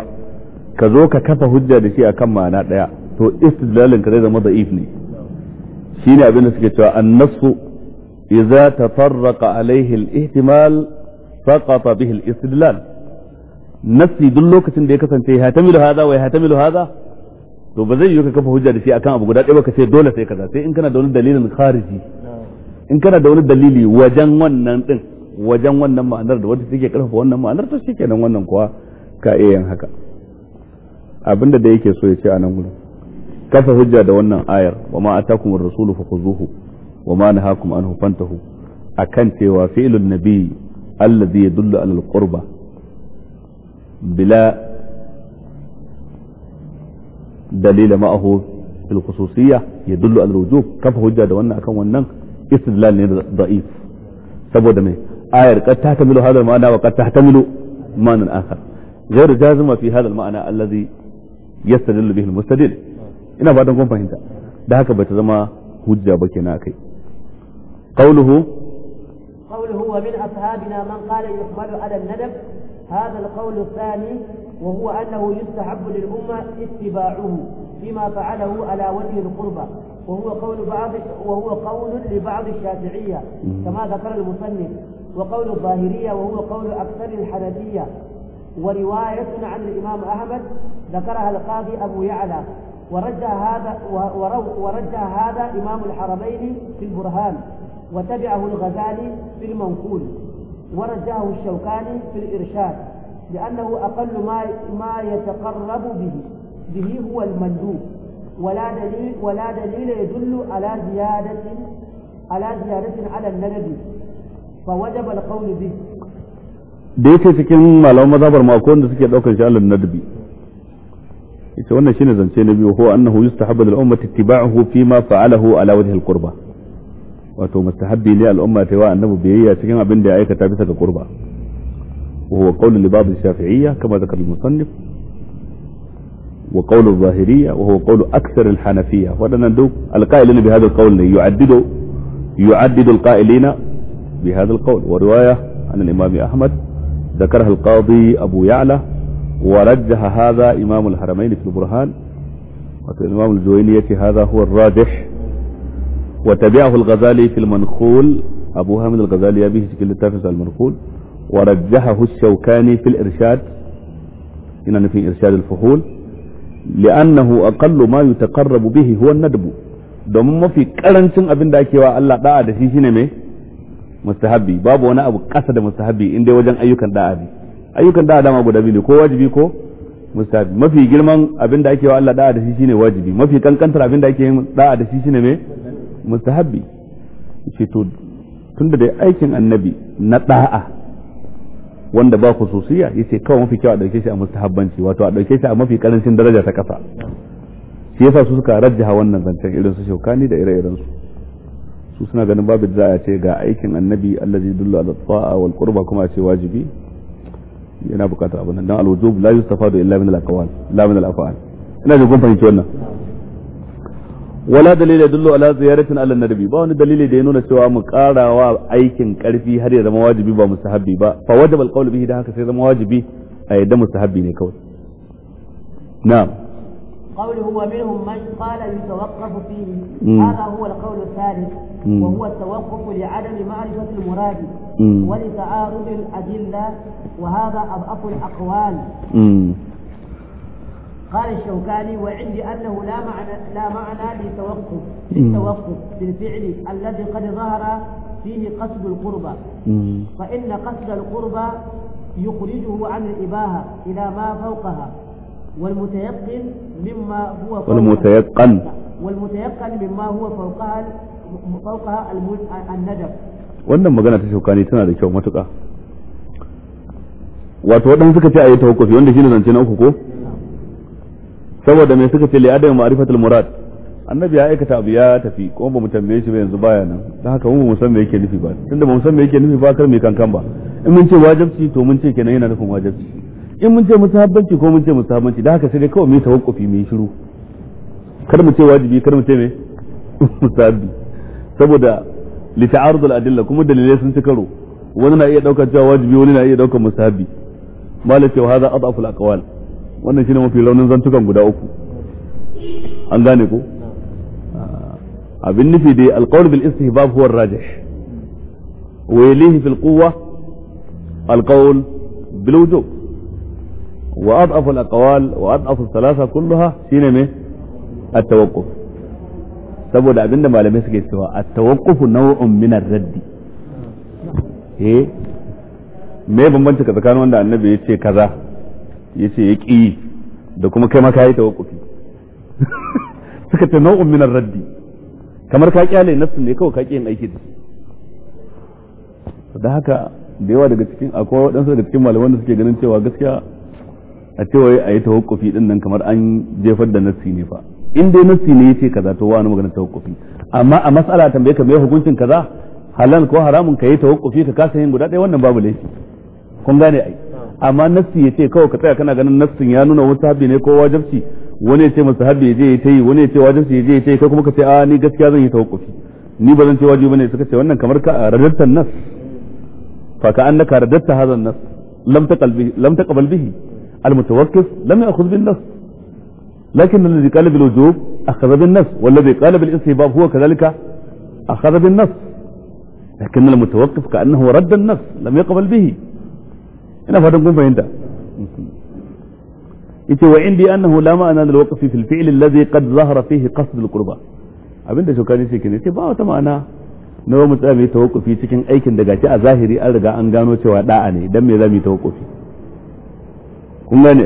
ka zo ka kafa hujja da shi akan ma'ana ɗaya to istidlalin ka zai zama da'if ne shine abin da suke cewa annasu idza tafarraqa alaihi al-ihtimal faqata bihi al-istidlal nasi duk lokacin da ya kasance ya hatamilu hadha wa ya hatamilu hadha to ba zai yi ka kafa hujja da shi akan abu guda ɗaya ba ka ce dole sai kaza sai in kana da wani dalilin khariji in kana da wani dalili wajen wannan din wajen wannan ma'anar da wanda take karfafa wannan ma'anar to shikenan wannan kuwa ka iya yin haka abin da yake so ya ce a nan gudu kafa hujja da wannan ayar wa ma atakum ar-rasulu fakhuzuhu wa ma nahakum anhu fantahu akan cewa fi'lun nabiy alladhi yadullu ala al-qurba bila دليل معه في الخصوصية يدل على الوجوب كيف هو جاد وانا اكون وانا استدلال ضعيف سبو دمي آير قد تحتمل هذا المعنى وقد تحتمل معنى آخر غير جازم في هذا المعنى الذي يستدل به المستدل انا بعد نقوم فهمت ده هكا بتزمى هجة بكناكي قوله قوله ومن من أصحابنا من قال يقبل على الندب هذا القول الثاني وهو أنه يستحب للأمة اتباعه فيما فعله على وجه القربى وهو قول بعض وهو قول لبعض الشافعية كما ذكر المصنف وقول الظاهرية وهو قول أكثر الحنفية ورواية عن الإمام أحمد ذكرها القاضي أبو يعلى ورجى هذا ورجى هذا إمام الحرمين في البرهان وتبعه الغزالي في المنقول ورجاه الشوكاني في الإرشاد لأنه أقل ما ما يتقرب به به هو المندوب ولا دليل ولا دليل يدل على زيادة على زيادة على الندب فوجب القول به da yake cikin malaman mazhabar mako wanda suke daukar shi alal nadbi ita wannan shine zance na biyu huwa annahu yustahabbu lil ummati ittiba'uhu fi ma fa'alahu ala wajhi al qurba wato mustahabbi ne al umma ta wa annabi biyayya cikin abin da ya aikata bisa ga qurba وهو قول لبعض الشافعية كما ذكر المصنف وقول الظاهرية وهو قول أكثر الحنفية ولنا ندوب القائلين بهذا القول يعدد يعدد القائلين بهذا القول ورواية عن الإمام أحمد ذكرها القاضي أبو يعلى ورجح هذا إمام الحرمين في البرهان الإمام الجويني هذا هو الراجح وتبعه الغزالي في المنخول أبو هامد الغزالي به في كل المنخول wa rajjahahu ash-shawkani fil irshad ina nufin irshad al-fuhul li'annahu aqallu ma yutaqarrabu bihi huwa an-nadbu domin mafi karancin abin da ake Allah da'a da me mustahabbi babu wani abu ƙasa da mustahabbi in dai wajen ayyukan da'a ne ayyukan da'a dama guda biyu ne ko wajibi ko mustahabbi mafi girman abin da ake wa Allah da'a da shi shine wajibi mafi kankantar abin da ake da'a da shi shine me mustahabbi ce to tunda dai aikin annabi na da'a wanda ba khususiya yace kawai mafi kyau a dauke shi a mustahabbanci wato a dauke shi a mafi karancin daraja ta kasa shi yasa su suka rajjaha wannan zancen irin su shaukani da ire-iren su su suna ganin babu za a ce ga aikin annabi allazi dullu ala ta'a wal qurba kuma a ce wajibi yana bukatar abin nan dan al-wujub la yustafadu illa min al-aqwal la min al-af'al ina jin kun fahimci wannan wala dalila yadullu ala ziyaratin ala nabi ba wani dalili da ya nuna cewa mu karawa aikin karfi har ya zama wajibi ba mustahabbi ba fa wajaba alqawlu bihi da haka sai zama wajibi a yadda mustahabbi ne kawai na'am قوله ومنهم من قال يتوقف فيه هذا هو القول الثالث وهو التوقف لعدم معرفة المراد ولتعارض الأدلة وهذا أضعف الأقوال قال الشوكاني وعندي أنه لا معنى لا معنى للتوقف للتوقف بالفعل الذي قد ظهر فيه قصد القربى فإن قصد القربى يخرجه عن الإباهة إلى ما فوقها والمتيقن مما هو فوقها والمتيقن والمتيقن مما هو فوقها فوقها الندب wannan magana ta shaukani tana da kyau matuƙa wato waɗansu suka ce a yi tawakkufi wanda shi ne zance na uku ko saboda me suka ce li adam ma'rifatul murad annabi ya aikata abu ya tafi kuma ba mu tambaye shi ba yanzu baya nan da haka mu mu san me yake nufi ba tunda ba mu san me yake nufi ba kar mu kankan ba in mun ce wajibci to mun ce kenan yana nufin wajibci in mun ce musahabbanci ko mun ce musahabbanci da haka sai dai kawai mu tawakkufi mu shiru kar mu ce wajibi kar mu ce me musabbi saboda li ta'arud al-adilla kuma dalilai sun ci karo wani na iya daukar cewa wajibi wani na iya daukar musabbi malaka wa hadha adhafu al-aqwal wannan shine mafi raunin zantukan guda uku an gane ko abin nufi dai alqawl bil istihbab huwa rajih wa yalihi fil quwwa alqawl bil wujub wa adaf al aqwal wa adaf al thalatha kulluha shine me at tawaqquf saboda abinda malamai suke cewa at tawaqquf naw'un min ar raddi eh me bambanta tsakanin wanda annabi ya ce kaza ya ce ya ƙi da kuma kai ma ka yi tawakkufi suka ta nau'un minar raddi kamar ka kyale nafsu ne kawai ka ƙi yin aiki da su da haka da yawa daga cikin akwai waɗansu daga cikin malaman da suke ganin cewa gaskiya a cewa a yi tawakkufi ɗin nan kamar an jefar da na ne fa in dai nassi ne ce kaza to wani magana tawakkufi amma a mas'ala tambaye ka me hukuncin kaza halal ko haramun ka yi tawakkufi ka kasa yin guda ɗaya wannan babu laifi kun gane ai amma nassi ya ce kawai ka tsaya kana ganin nassin ya nuna wani sahabi ne ko wajabci wani ya ce masa sahabi je ya tayi wani ya ce wajabci ya je ya tayi kai kuma ka ce a ni gaskiya zan yi tawakkufi ni ba zan ce wajibi bane suka ce wannan kamar ka radatta nas fa ka annaka radatta hadhan nas lam taqal bihi lam taqbal bihi al mutawakkif lam ya'khudh bin nas lakin alladhi qala bil wujub لكن الذي قال بالوجوب أخذ بالنص والذي قال بالاستحباب هو كذلك أخذ بالنص لكن المتوقف كأنه رد النص لم يقبل به ina fatan kun fahimta yace wa indi annahu la ma'ana lil waqfi fil fi'l alladhi qad zahara fihi qasd al qurba abinda shukani sai kine sai ba wata ma'ana na wa mutsa mai tawakkufi cikin aikin da gaci a zahiri an riga an gano cewa da'a ne dan me za mu yi tawakkufi kun gane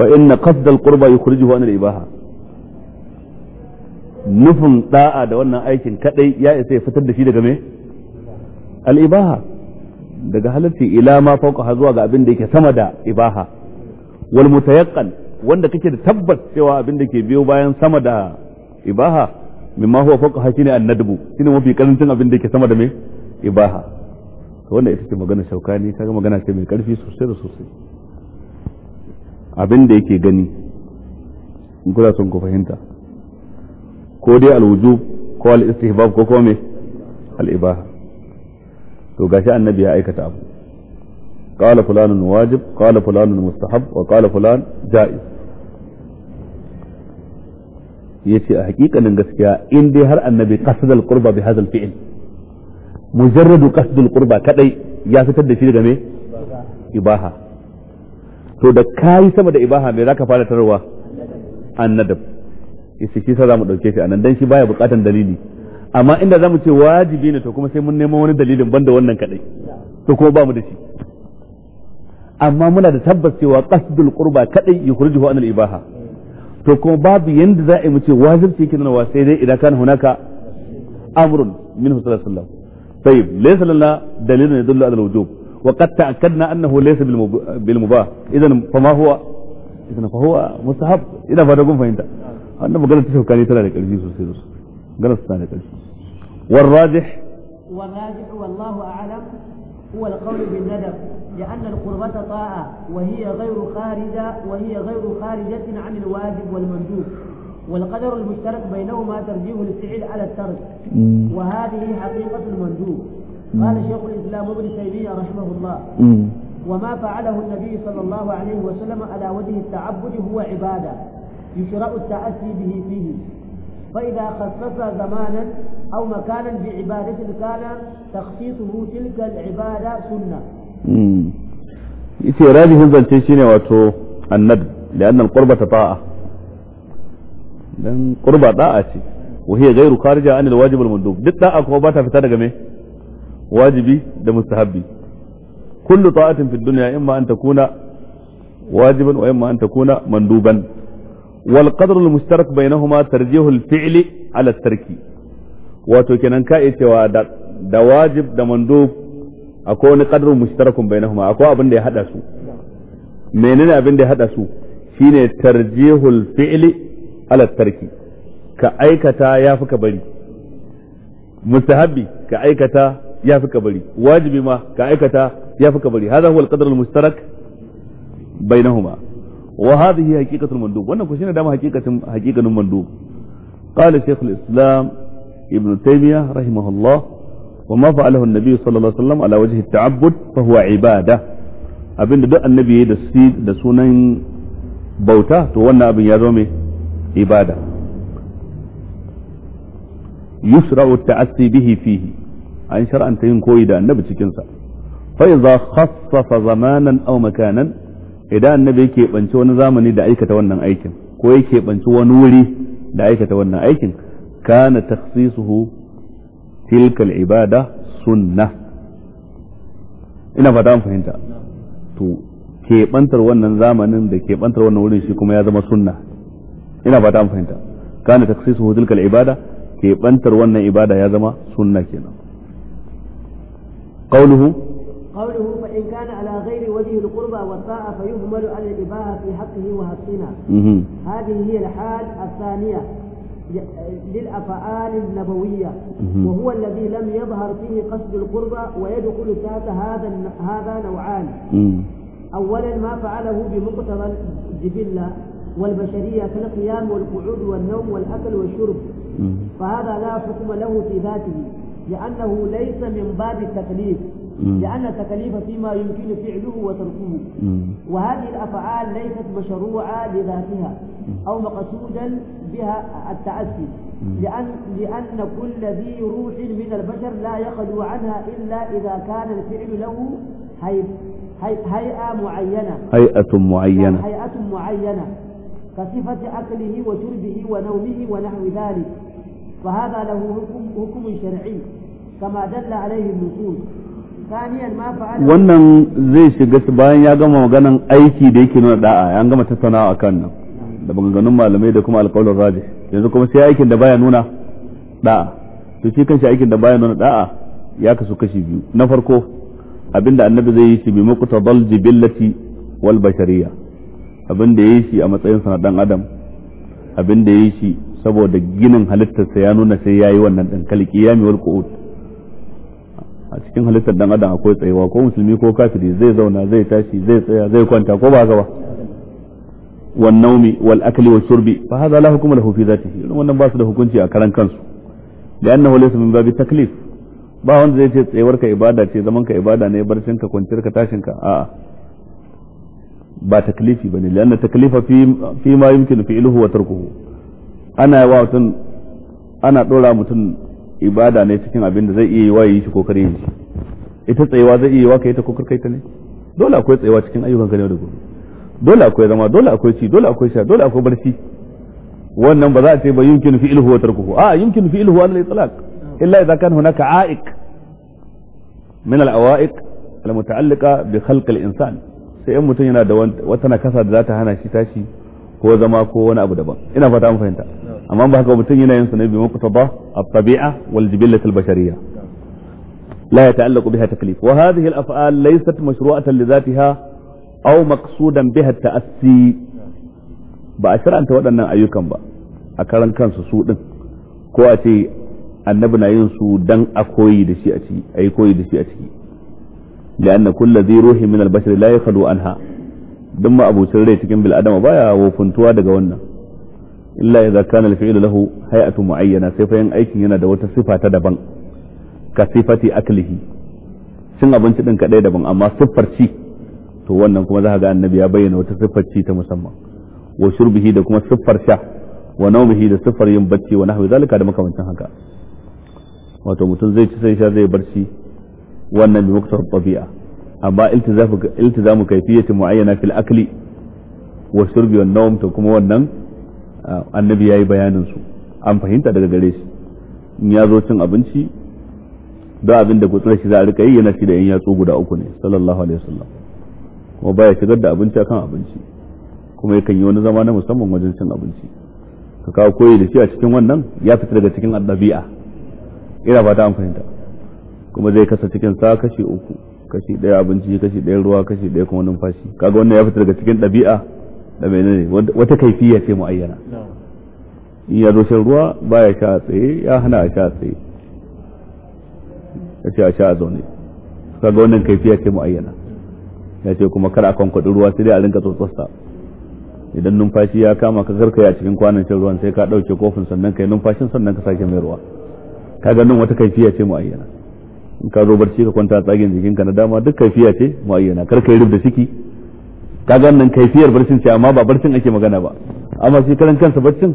fa inna qasd al qurba yukhrijuhu an al ibaha nufin da'a da wannan aikin kadai ya isa ya fitar da shi daga me al ibaha daga halarci ila ma fawqa zuwa ga abin da yake sama da ibaha wal mutayaqqan wanda kake da tabbas cewa abin da ke biyo bayan sama da ibaha mimma huwa fawqa shine annadbu shine mafi karancin abin da yake sama da me ibaha to wannan ita ce magana shaukani kaga magana ce mai karfi sosai da sosai abin da yake gani in kuna son ku fahimta ko dai alwujub ko al-istihbab ko kuma me al-ibaha to gashi annabi ya aikata abu qala fulanun wajib qala fulanun mustahab wa qala fulan ja'iz yace a hakikanin gaskiya in dai har annabi qasdal qurba bi hadha al-fi'l mujarradu qasdul qurba kadai ya fitar da shi daga me ibaha to da kayi sama da ibaha me zaka fara tarwa annadab yace shi sa zamu dauke shi anan dan shi baya bukatan dalili amma inda zamu ce wajibi ne to kuma sai mun nemo wani dalilin banda wannan kadai to kuma ba mu da shi amma muna da tabbas cewa qasdul qurba kadai yukhrijuhu anil ibaha to kuma babu yanda za a yi mu ce wajibi yake wa sai dai idan kan hunaka amrun minhu sallallahu alaihi wasallam tayyib laysa lana dalilun yadullu ala alwujub وقد تأكدنا أنه ليس بالمباح إذا فما هو إذا فهو مستحب إذا فاتكم فإنت أنا بقول تشوف كان يتلا لك الجيسوس جلست عليك الجيسوس والراجح والراجح والله أعلم هو القول بالندب لأن القربة طاعة وهي غير خارجة وهي غير خارجة عن الواجب والمندوب والقدر المشترك بينهما ترجيح الفعل على الترك وهذه حقيقة المندوب قال شيخ الإسلام ابن تيمية رحمه الله وما فعله النبي صلى الله عليه وسلم على وجه التعبد هو عبادة يشرع التأسي به فيه فإذا خصص زمانا أو مكانا بعبادة كان تخصيصه تلك العبادة سنة yace rajihin zance shine wato annad li'anna al-qurba ta'a dan qurba da'a ce wa hiya ghayru kharija an al-wajib al-mandub kuma ba ta fita daga me wajibi da mustahabbi kullu ta'atin fi dunya imma an takuna wajiban wa imma an takuna manduban wal qadr al mushtarak bainahuma tarjihu al fi'li ala al wato kenan ka cewa da da wajib da mandub akwai wani qadrun mushtarakun bainahuma akwai abin da ya hada su menene abin da ya hada su shine tarjihul fi'li ala tarki ka aikata yafi ka bari mustahabbi ka aikata yafi ka bari wajibi ma ka aikata yafi ka bari hadha huwa al-qadr al-mushtarak bainahuma wa hadhihi haqiqatul mandub wannan ko shine dama haqiqatin haqiqanin mandub qala shaykhul islam ibn taymiyyah rahimahullah wa ma fa'alahu an-nabi sallallahu alaihi wasallam ala wajhi at-ta'abbud fa huwa ibada abinda duk annabi yayi da da sunan bauta to wannan abin ya zama ibada yusra'u at-ta'assi bihi fihi an shar'anta yin koyi da annabi cikin sa fa idza khassafa zamanan aw makanan idan annabi yake banci wani zamani da aikata wannan aikin ko yake banci wani wuri da aikata wannan aikin kana takhsisuhu tilkal ibada sunna ina fata an fahimta to keɓantar wannan zamanin da keɓantar wannan wurin shi kuma ya zama sunna ina fata an fahimta kana takhsisuhu tilkal ibada keɓantar wannan ibada ya zama sunna kenan qauluhu qauluhu وإن كان على غير وجه القربى والطاعة فيهمل على الإباهة في حقه وحقنا هذه هي الحال الثانية للأفعال النبوية وهو الذي لم يظهر فيه قصد القربى ويدخل تحت هذا هذا نوعان أولا ما فعله بمقتضى الجبلة والبشرية كالقيام والقعود والنوم والأكل والشرب فهذا لا حكم له في ذاته لأنه ليس من باب التكليف لأن التكاليف فيما يمكن فعله وتركه وهذه الأفعال ليست مشروعة لذاتها أو مقصودا بها التأسي لأن, لأن كل ذي روح من البشر لا يخلو عنها إلا إذا كان الفعل له هيئة معينة هيئة معينة هيئة معينة كصفة أكله وشربه ونومه ونحو ذلك فهذا له حكم شرعي كما دل عليه النصوص wannan zai shiga bayan ya gama maganan aiki da yake nuna da'a ya gama tattaunawa a kan nan da maganganun malamai da kuma alƙawalin raji yanzu kuma sai aikin da baya nuna da'a to shi shi aikin da baya nuna da'a ya kasu kashi biyu na farko abinda annabi zai yi shi bi muqtadal jibillati wal bashariya abinda yi shi a matsayin sa dan adam abinda yayi shi saboda ginin halittarsa ya nuna sai ya yi wannan dan ya mai qu'ud a cikin halittar dan adam akwai tsayuwa ko musulmi ko kafiri zai zauna zai tashi zai tsaya zai kwanta ko ba haka ba wan naumi wal akli wa shurbi fa hadha la hukuma lahu fi dhatihi wannan ba su da hukunci a karan kansu li'annahu laysa min babi taklif ba wanda zai ce tsayuwar ka ibada ce zaman ka ibada ne barcin ka kwanciyar ka tashin ka a'a ba taklifi bane li'anna taklifa fi fi ma yumkinu fi'luhu wa tarkuhu ana wa mutum ana dora mutum ibada ne cikin abin da zai iya yi wa yi shi ko kare yi ita tsayuwa zai iya yi wa kai ta ko kai ta ne dole akwai tsayuwa cikin ayyukan ka ne da gobe dole akwai zama dole akwai ci dole akwai sha dole akwai barci wannan ba za a ce ba yumkinu fi ilhu wa tarkuhu a yumkinu fi ilhu ala al-itlaq illa idza kana hunaka a'iq min al-awa'iq al-muta'alliqa bi khalq al-insan sai in mutum yana da wata nakasa da za ta hana shi tashi ko zama ko wani abu daban ina fata mun fahimta amma ba haka mutum yana yin sa ne bi muqtada a tabia wal jibillat al-bashariyya la yata'allaqu biha taklif wa hadhihi al-af'al laysat mashru'atan li dhatiha aw maqsudan biha at-ta'assi ba a shar'anta waɗannan ayyukan ba a karan kansu su din ko a ce annabi na yin su dan a koyi da shi a ciki yi koyi da shi a ciki لأن كل ذي روح من anha duk ma عنها دم cikin سرري تكن بالأدم wofuntuwa daga wannan. illa idza kana al-fi'lu lahu hay'atu muayyana sai fa yin aikin yana da wata sifa ta daban ka sifati aklihi cin abinci din kadai daban amma siffar ci to wannan kuma zaka ga annabi ya bayyana wata siffar ci ta musamman wa shurbihi da kuma siffar sha wa naumihi da siffar yin bacci wa nahwi zalika da makamancin haka wato mutum zai ci sai sha zai barci wannan bi muktasab tabi'a amma iltizamu kayfiyati muayyana fil akli wa shurbi wan nawm to kuma wannan Ah, annabi ya yi bayanin su an fahimta daga gare shi in ya zo cin abinci don abin da gutsar shi za a rika yi yana shi da yan yatsu guda uku ne sallallahu alaihi wasallam kuma baya shigar da abinci akan abinci kuma yakan yi wani zama na musamman wajen cin abinci ka kawo koyi da shi a cikin wannan ya fita daga cikin addabi'a ina fata an fahimta kuma zai kasa cikin sa kashi uku kashi ɗaya abinci kashi ɗaya ruwa kashi ɗaya kuma numfashi kaga wannan ya fita daga cikin ɗabi'a da menene wata kaifiya ce muayyana in ya zo shan ruwa baya sha tsaye ya hana a sha tsaye ya ce a sha a zaune ga wannan kaifiya ce muayyana ya ce kuma kar a kwankwaɗi ruwa sai dai a rinka tsotsosta idan numfashi ya kama ka karkaya a cikin kwanan shan ruwan sai ka ɗauke kofin sannan ka yi numfashin sannan ka sake mai ruwa ga nan wata kaifiya ce muayyana in ka zo barci ka kwanta tsagen jikinka na dama duk kaifiya ce muayyana kar ka yi rubda ciki kaga wannan kaifiyar barcin ce amma ba barcin ake magana ba amma shi karan kansa barcin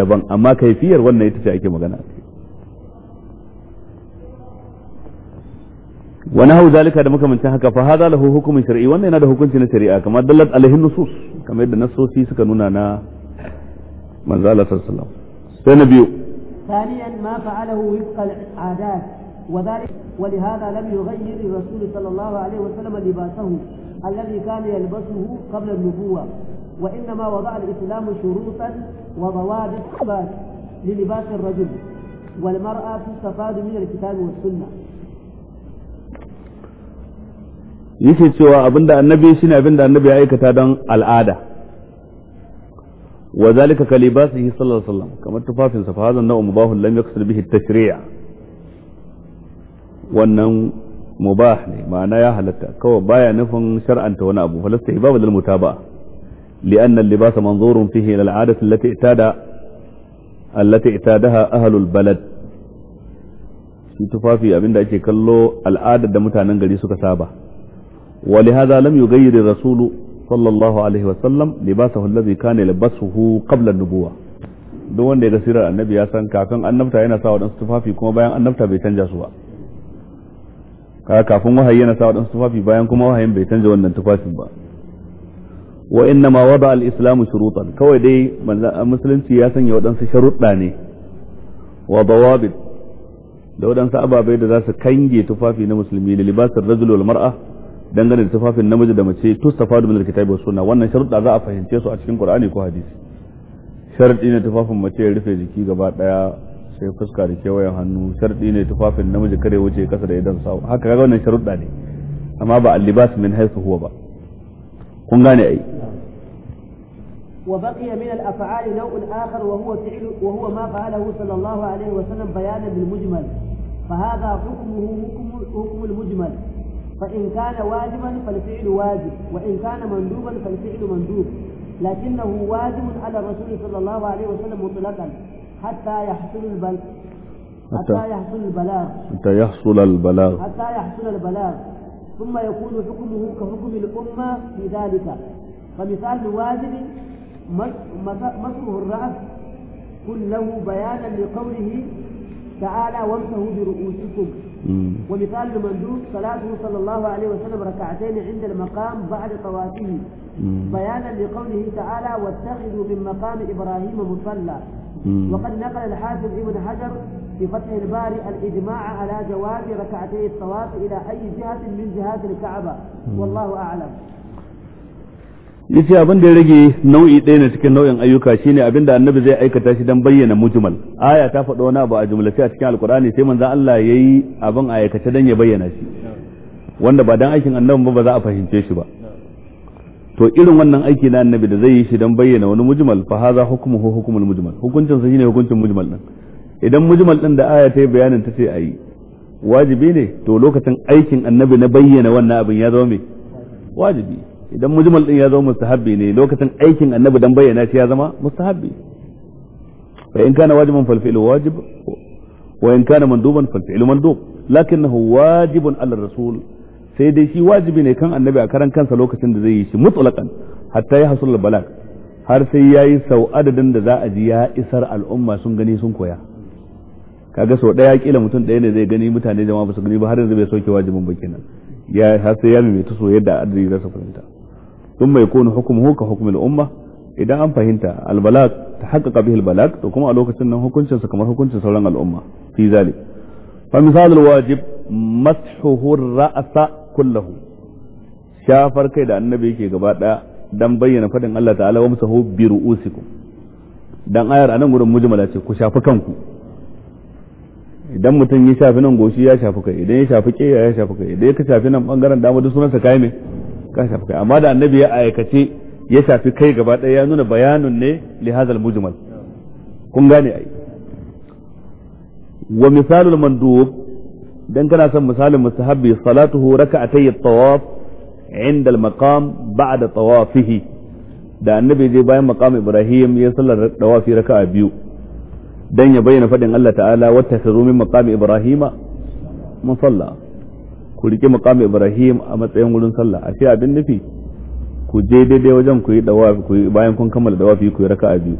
daban amma kaifiyar wannan ita ce ake magana wani hau zalika da makamancin haka fa hada lahu hukumin shari'i wannan yana da hukunci na shari'a kamar dallat alaihin nusus kamar yadda nasosi suka nuna na manzo Allah sallallahu alaihi biyu. sai na biyu ثانيا ما فعله wa العادات wa lihada لم يغير الرسول صلى الله عليه وسلم لباسه الذي كان يلبسه قبل النبوة وإنما وضع الإسلام شروطا وضوابط إثبات للباس الرجل والمرأة تستفاد من الكتاب والسنة yake cewa abinda annabi shine abinda annabi ya aikata don al'ada wa zalika kalibasihi sallallahu alaihi wasallam kamar tufafinsa fa hazan na'u mubahun lam yaksul bihi tashri'a wannan mubah ne ma'ana ya halatta kawai baya nufin shar'anta wani abu falasta hibabu lil mutaba li'anna al-libasa manzurun fihi ila al-'adati allati itada allati itadaha ahlul balad shi tufafi abinda ake kallo al'adar da mutanen gari suka saba wa lihadha lam yughayyir ar-rasul sallallahu alaihi wa sallam libasahu alladhi kana yalbasuhu qabla an-nubuwah duk wanda ya ga sirar annabi ya san kafin annabta yana sa waɗansu tufafi kuma bayan annabta bai canja su ba kaga kafin wahayi yana sa waɗansu tufafi bayan kuma wahayin bai canza wannan tufafin ba wa inna ma wada al-islam shurutan kawai dai musulunci ya sanya waɗansu sharuɗa ne wa dawabit da waɗansu ababai da za su kange tufafi na musulmi da libasar rajul wal mar'a dangane da tufafin namiji da mace tustafadu min al-kitabi was sunna wannan sharuɗa za a fahimce su a cikin qur'ani ko hadisi sharuɗi ne tufafin mace ya rufe jiki gaba ɗaya. sai fuska da kewayen hannu sharɗi ne tufafin namiji kare wuce kasa da idan sawu haka kaga wannan sharuɗa ne amma ba al-libas min haythu huwa ba kun gane ai وبقي من الافعال نوع اخر وهو فعل وهو ما فعله صلى الله عليه وسلم بيانا للمجمل فهذا حكمه حكم حكم المجمل فان كان واجبا فالفعل واجب وان كان مندوبا فالفعل مندوب لكنه واجب على الرسول صلى الله عليه وسلم مطلقا حتى يحصل البلاء حتى, يحصل البلاغ حتى يحصل البلاغ حتى يحصل البلاغ ثم يكون حكمه كحكم الأمة في ذلك فمثال الواجب مسره الرأس كله بيانا لقوله تعالى وامسحوا برؤوسكم ومثال المندوب صلاته صلى الله عليه وسلم ركعتين عند المقام بعد طوافه بيانا لقوله تعالى واتخذوا من مقام ابراهيم مصلى وقد نقل الحافظ ابن حجر في فتح الباري الإجماع على جواز ركعتي الطواف إلى أي جهة من جهات الكعبة والله أعلم yace abin da ya rage nau'i ɗaya ne cikin nau'in ayyuka shine abin da annabi zai aikata shi don bayyana mujmal aya ta faɗo wani abu a jumlace a cikin alkur'ani sai manzo Allah yayi abin a aikace don ya bayyana shi wanda ba dan aikin annabi ba ba za a fahimce shi ba to irin wannan aiki na annabi da zai yi shi don bayyana wani mujmal fa haza hukumu hukmuhu hukmul mujmal hukuncin sa shine hukuncin mujmal din idan mujmal din da aya ta yi bayanin ta ce ayi wajibi ne to lokacin aikin annabi na bayyana wannan abin ya zama me wajibi idan mujmal din ya zama mustahabbi ne lokacin aikin annabi dan bayyana shi ya zama mustahabbi fa in kana wajiban fal fi'lu wajib wa in kana manduban fal fi'lu mandub lakinnahu wajibun ala rasul sai dai shi wajibi ne kan annabi a karan kansa lokacin da zai yi shi mutlaqan hatta ya hasul balak har sai yayi sau adadin da za a ji ya isar al'umma sun gani sun koya kaga sau daya kila mutum daya ne zai gani mutane jama'a ba su gani ba har yanzu bai sauke wajibin ba kenan ya har sai ya maimaita so yadda adadi za su fahimta sun mai kunu hukumu ka hukumin umma idan an fahimta albalak ta haƙaƙa bihil balak to kuma a lokacin nan hukuncin kamar hukuncin sauran al'umma fi zalik fa misalul wajib mashuhu ra'asa kullahu shafar kai da annabi yake gaba daya dan bayyana fadin Allah ta'ala wa musahu bi ru'usikum dan ayar anan gurin mujmala ce ku shafi kanku idan mutum ya shafi nan goshi ya shafi kai idan ya shafi keya ya shafi kai idan ya shafi nan bangaren dama duk sunansa kai ne ka shafi kai amma da annabi ya aikace ya shafi kai gaba daya ya nuna bayanun ne li hadal mujmal kun gane ai wa misalul mandub dan kana son misalin mustahabbi salatuhu raka'atay at-tawaf inda al-maqam ba'da tawafihi da annabi je bayan maqam Ibrahim ya sallar tawafi raka'a biyu dan ya bayyana fadin Allah ta'ala wattakhidhu min maqami Ibrahima musalla ku rike maqami Ibrahim a matsayin wurin sallah ashe abin nufi ku je daidai wajen ku yi dawafi ku bayan kun kammala dawafi ku yi raka'a biyu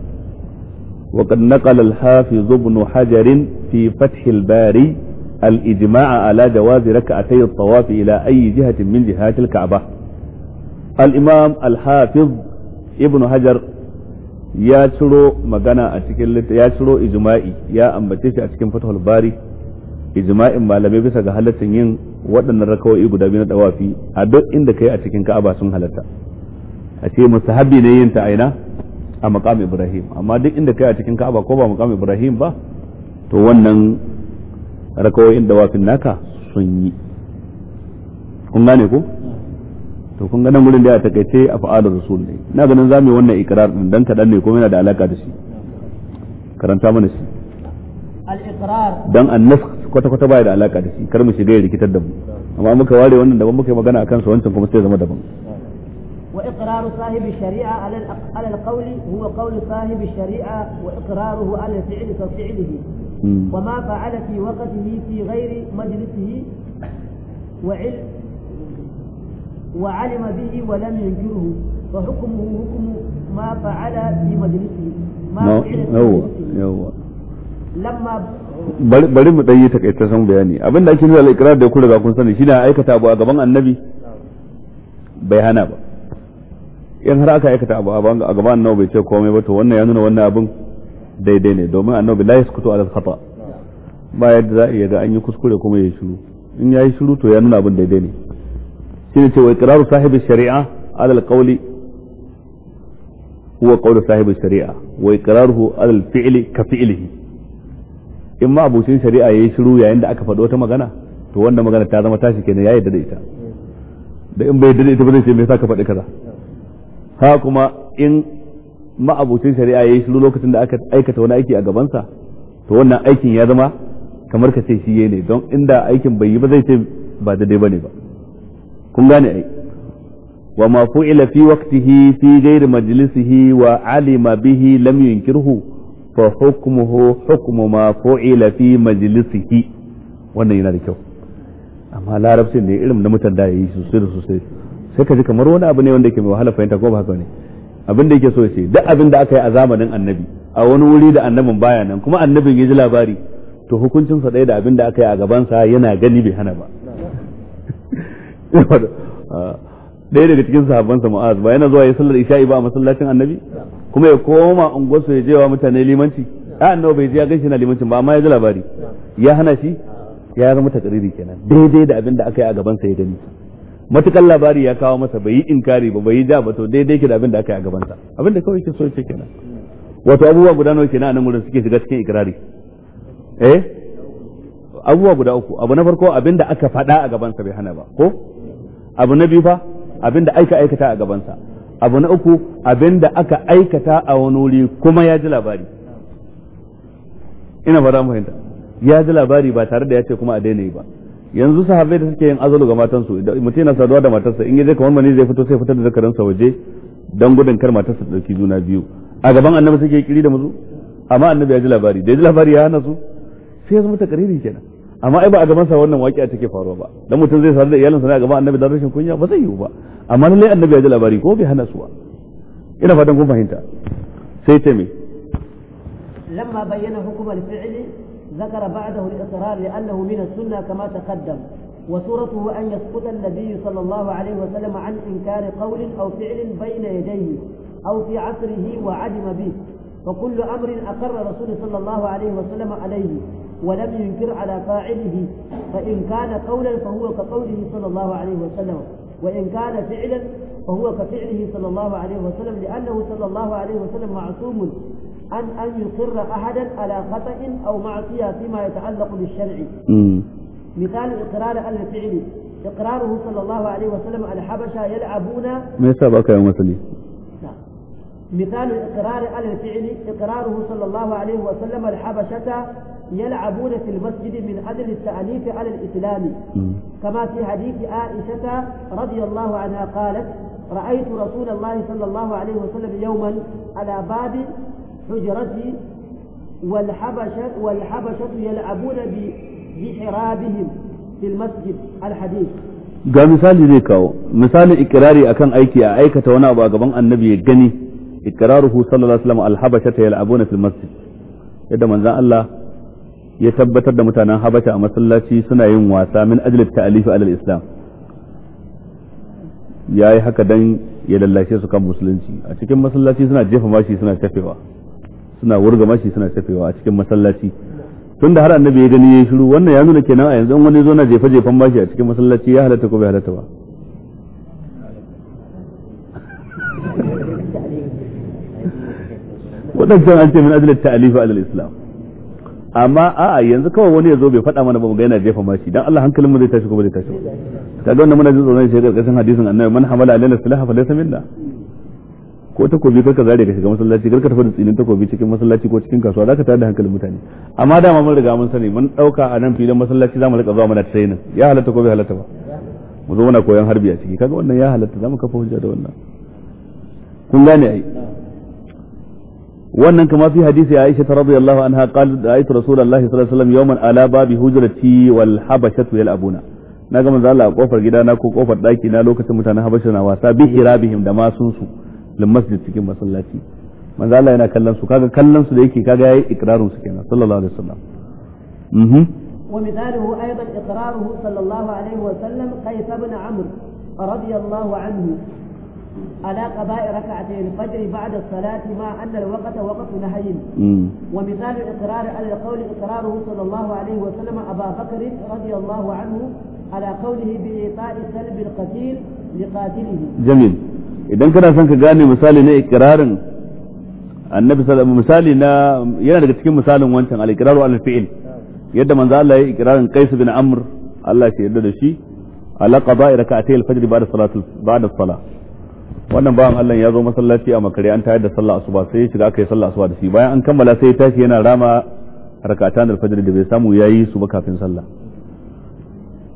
وقد نقل الحافظ ابن حجر في فتح الباري الإجماع على جواز ركعتي الطواف إلى أي جهة من جهات الكعبة الإمام الحافظ ابن حجر ya ciro magana a cikin ya ciro ijma'i ya ambace a cikin fatahul bari ijma'in malamai bisa ga halaccin yin waɗannan rakawoyi guda biyu na dawafi a duk inda kai a cikin ka'aba sun halatta a ce mustahabi ne yin ta aina a maqam ibrahim amma duk inda kai a cikin ko ba maqam ibrahim ba to wannan rakawoyin wafin naka sun yi kun gane ko to kun ganin wurin da ya takaice a fa'adar rasul ne na ganin zamu yi wannan ikrar din dan kadan ne kuma yana da alaka da shi karanta mana shi al-iqrar dan an-nafs kwata kwata baya da alaka da shi kar mu shiga rikitar da mu amma muka ware wannan daban muka yi magana akan sa wancan kuma sai zama daban وإقرار صاحب الشريعة على على القول هو قول صاحب الشريعة وإقراره على الفعل كفعله وما فعل في وقته في غير مجلسه وعلم وعلم به ولم ينكره فحكمه حكم ما فعل في مجلسه ما فعل في مجلسه لما bari mu ɗan yi takaitaccen bayani abin da ake nuna al'ikirar da ku riga kun sani shi na aikata abu a gaban annabi bai hana ba in har aka aikata abu a gaba annabi bai ce komai ba to wannan ya nuna wannan abin daidai ne domin annabi la yaskutu ala khata ba yadda za a iya ga an yi kuskure kuma ya shiru in ya yi shiru to ya nuna abin daidai ne shine ce wa iqraru sahibi shari'a ala alqawli huwa qawlu sahibi shari'a wa iqraruhu ala alfi'li ka fi'lihi in ma abucin shari'a yayi shiru yayin da aka faɗi wata magana to wanda magana ta zama tashi kenan ya yarda da ita da in bai yadda da ita ba zai ce me yasa ka faɗi kaza ha kuma in ma'abucin shari'a ya yi shiru lokacin da aka aikata wani aiki a gabansa to wannan aikin ya zama kamar ka ce shi ne don inda aikin bai yi ba zai ce ba daidai ba ne ba kun gane ai wa ma fu'ila fi waqtihi fi ghairi majlisihi wa alima bihi lam yunkirhu fa hukmuhu hukmu ma fu'ila fi majlisihi wannan yana da kyau amma larabcin ne irin da mutan da yayi sosai da sosai sai ka ji kamar wani abu ne wanda yake mai wahala fahimta ko ba haka ne abin da yake so ce duk abin da aka yi a zamanin annabi a wani wuri da annabin baya nan kuma annabin ya ji labari to hukuncin sa ɗaya da abin da aka yi a gabansa yana gani bai hana ba ɗaya daga cikin sa mu'az ba yana zuwa ya sallar isha'i ba a masallacin annabi kuma ya koma unguwarsu ya je wa mutane limanci a annabi bai je ya ganshi na limancin ba amma ya ji labari ya hana shi ya zama takariri kenan daidai da abin da aka yi a gabansa ya gani matukan labari ya kawo masa bai yi inkari ba bai yi ja ba to daidai ke da abin da aka yi a gabansa abin da kawai ke so ce kenan wato abubuwa guda nawa kenan nan wurin suke shiga cikin ikrari eh abubuwa guda uku abu na farko abin da aka faɗa a gabansa bai hana ba ko abu na biyu fa abin da aika aikata a gabansa abu na uku abin da aka aikata a wani wuri kuma ya ji labari ina fara fahimta ya ji labari ba tare da ya ce kuma a daina yi ba yanzu sahabbai da suke yin azalu ga matansu mutum yana saduwa da matarsa in yaje kamar mani zai fito sai fitar da zakaransa waje dan gudun kar matarsa dauki juna biyu a gaban annabi suke kiri da mazu amma annabi ya ji labari da ya ji labari ya hana su sai ya zama karibi kenan amma ai ba a gaban sa wannan waƙiya take faruwa ba dan mutum zai sadu da iyalinsa ne a gaban annabi da rashin kunya ba zai yiwu ba amma lallai annabi ya ji labari ko bai hana su ba ina fatan kun fahimta sai ta me lamma bayyana hukumar fi'li ذكر بعده الاقرار لأنه من السنة كما تقدم وصورته أن يسقط النبي صلى الله عليه وسلم عن إنكار قول أو فعل بين يديه أو في عصره وعدم به فكل أمر أقر رسول صلى الله عليه وسلم عليه ولم ينكر على فاعله فإن كان قولا فهو كقوله صلى الله عليه وسلم وإن كان فعلا فهو كفعله صلى الله عليه وسلم لأنه صلى الله عليه وسلم معصوم عن أن يقر أحدا على خطأ أو معصية فيما يتعلق بالشرع مثال إقرار الفعل إقراره صلى الله عليه وسلم الحبشة يلعبون ما سبق يا مسلي نعم. مثال الإقرار على الفعل إقراره صلى الله عليه وسلم الحبشة يلعبون في المسجد من أجل التأليف على الإسلام كما في حديث عائشة رضي الله عنها قالت رأيت رسول الله صلى الله عليه وسلم يوما على باب حجرتي والحبشة والحبشة يلعبون بحرابهم في المسجد الحديث ga misali zai kawo misalin ikirari akan aiki a aikata wani abu a gaban annabi ya gani ikiraruhu sallallahu alaihi wasallam alhabasha ta yal'abuna fil masjid yadda manzon Allah ya tabbatar da mutanen habasha a masallaci suna yin wasa min ajli ta'alifi alal islam yayi haka dan ya lallashe su kan musulunci a cikin masallaci suna jefa mashi suna tafewa suna wurga mashi suna tafewa a cikin masallaci tun da har annabi ya gani ya shiru wannan ya nuna kenan a yanzu wani zo na jefa jefan mashi a cikin masallaci ya halatta ko bai halatta ba waɗancan an ce min ajalar ta'alifa alal islam amma a'a yanzu kawai wani ya zo bai faɗa mana ba ga yana jefa mashi dan Allah hankalin mu zai tashi ko bai tashi ba kaga wannan muna jin tsoron shi karkashin hadisin annabi man hamala alal silaha laysa minna ko takobi ka zare ka shiga masallaci ka tafi da tsinin takobi cikin masallaci ko cikin kasuwa zaka tada hankalin mutane amma dama mun riga mun sani mun dauka a nan filin masallaci zamu rika zuwa mana training ya halatta ko bai halatta ba mu zo muna koyon harbi a ciki kaga wannan ya halatta zamu kafa hujja da wannan kun gane ai wannan kama fi hadisi Aisha ta radiyallahu anha qalat ayatu rasulullahi sallallahu alaihi wasallam yawman ala babi hujrati wal habashatu yal'abuna na ga manzo Allah a kofar gidana ko kofar daki na lokacin mutanen Habasha na wasa bi hirabihim da masunsu su lin masjid cikin masallaci manzo Allah yana kallon su kaga kallon su da yake kaga yayi ikrarun su kenan sallallahu alaihi wasallam mhm wa mithaluhu aidan iqraruhu sallallahu alaihi wasallam qais ibn amr radiyallahu anhu على قضاء ركعتي الفجر بعد الصلاة مع أن الوقت وقت نهي ومثال الإقرار على قول إقراره صلى الله عليه وسلم أبا بكر رضي الله عنه على قوله بإعطاء سلب القتيل لقاتله idan kana son ka gane misali na ikirarin annabi sallallahu misali na yana daga cikin misalin wancan al-iqraru al fil yadda manzo Allah ya ikrarin Qais bin Amr Allah ya yarda da shi ala qada'i rak'atay al-fajr ba'da salatu ba'da salah wannan bayan Allah ya zo masallaci a makare an tayar da sallah asuba sai ya shiga kai sallah asuba da shi bayan an kammala sai ya tashi yana rama rak'atan al-fajr da bai samu yayi su ba kafin sallah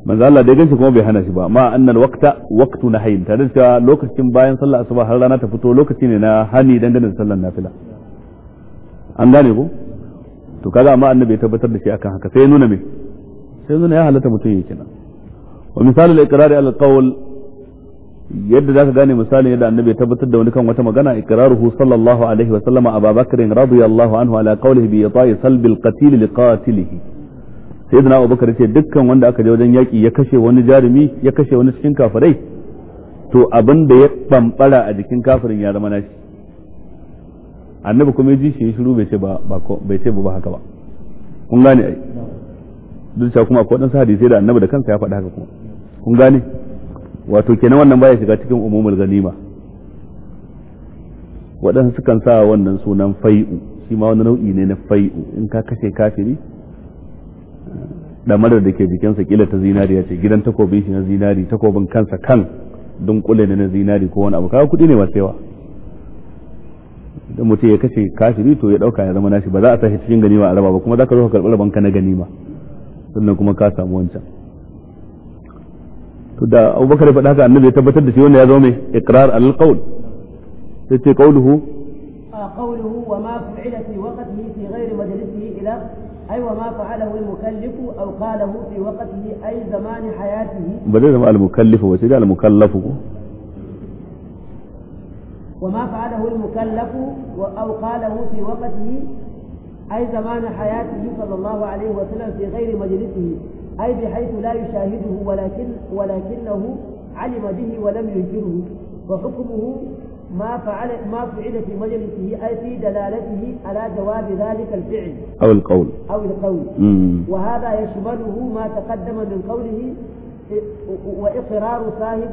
manzo Allah da ya kuma bai hana shi ba ma annal waqta waqtu nahyin tare da cewa lokacin bayan sallar asuba har rana ta fito lokaci ne na hani dangane da sallar nafila an gane ko to kaga amma annabi ya tabbatar da shi akan haka sai ya nuna me sai ya nuna ya halatta mutum yake nan wa misalu al-iqrar al-qawl yadda zaka gane misalin yadda annabi ya tabbatar da wani kan wata magana iqraruhu sallallahu alaihi wa sallama ababakr radiyallahu anhu ala qawlihi bi yata'i salbil qatil liqatilihi sai da abubakar ce dukkan wanda aka je wajen yaƙi ya kashe wani jarumi ya kashe wani cikin kafirai to abin da ya bambara a jikin kafirin ya zama nashi annabi kuma ya ji shi shiru bai ce ba bai ba haka ba kun gane ai duk da kuma akwai wadansu hadisi da annabi da kansa ya faɗi haka kuma kun gane wato kenan wannan baya shiga cikin umumul ganima waɗansu sukan sa wannan sunan fai'u shi ma wani nau'i ne na fai'u in ka kashe kafiri damarar da ke jikinsa kila ta zinariya ce gidan takobin shi na zinari takobin kansa kan dunkule ne na zinari ko wani abu kaga kuɗi ne masu yawa da mutum ya kashe kafiri to ya dauka ya zama nashi ba za a sashi cikin ganima a raba ba kuma za ka zo ka karɓi rabanka na ganima sannan kuma ka samu wancan to da abubakar ya faɗa haka annabi ya tabbatar da shi wanda ya zo mai iqrar al-qawl sai ce qawluhu قوله وما فعل في وقته في غير مجلسه إلى أي وما فعله المكلف أو قاله في وقته أي زمان حياته بدل ما المكلف وسيد المكلف وما فعله المكلف أو قاله في وقته أي زمان حياته صلى الله عليه وسلم في غير مجلسه أي بحيث لا يشاهده ولكن ولكنه علم به ولم ينكره وحكمه ما فعل ما فعل في مجلسه أي في دلالته على جواب ذلك الفعل أو القول أو القول مم. وهذا يشمله ما تقدم من قوله وإقرار صاحب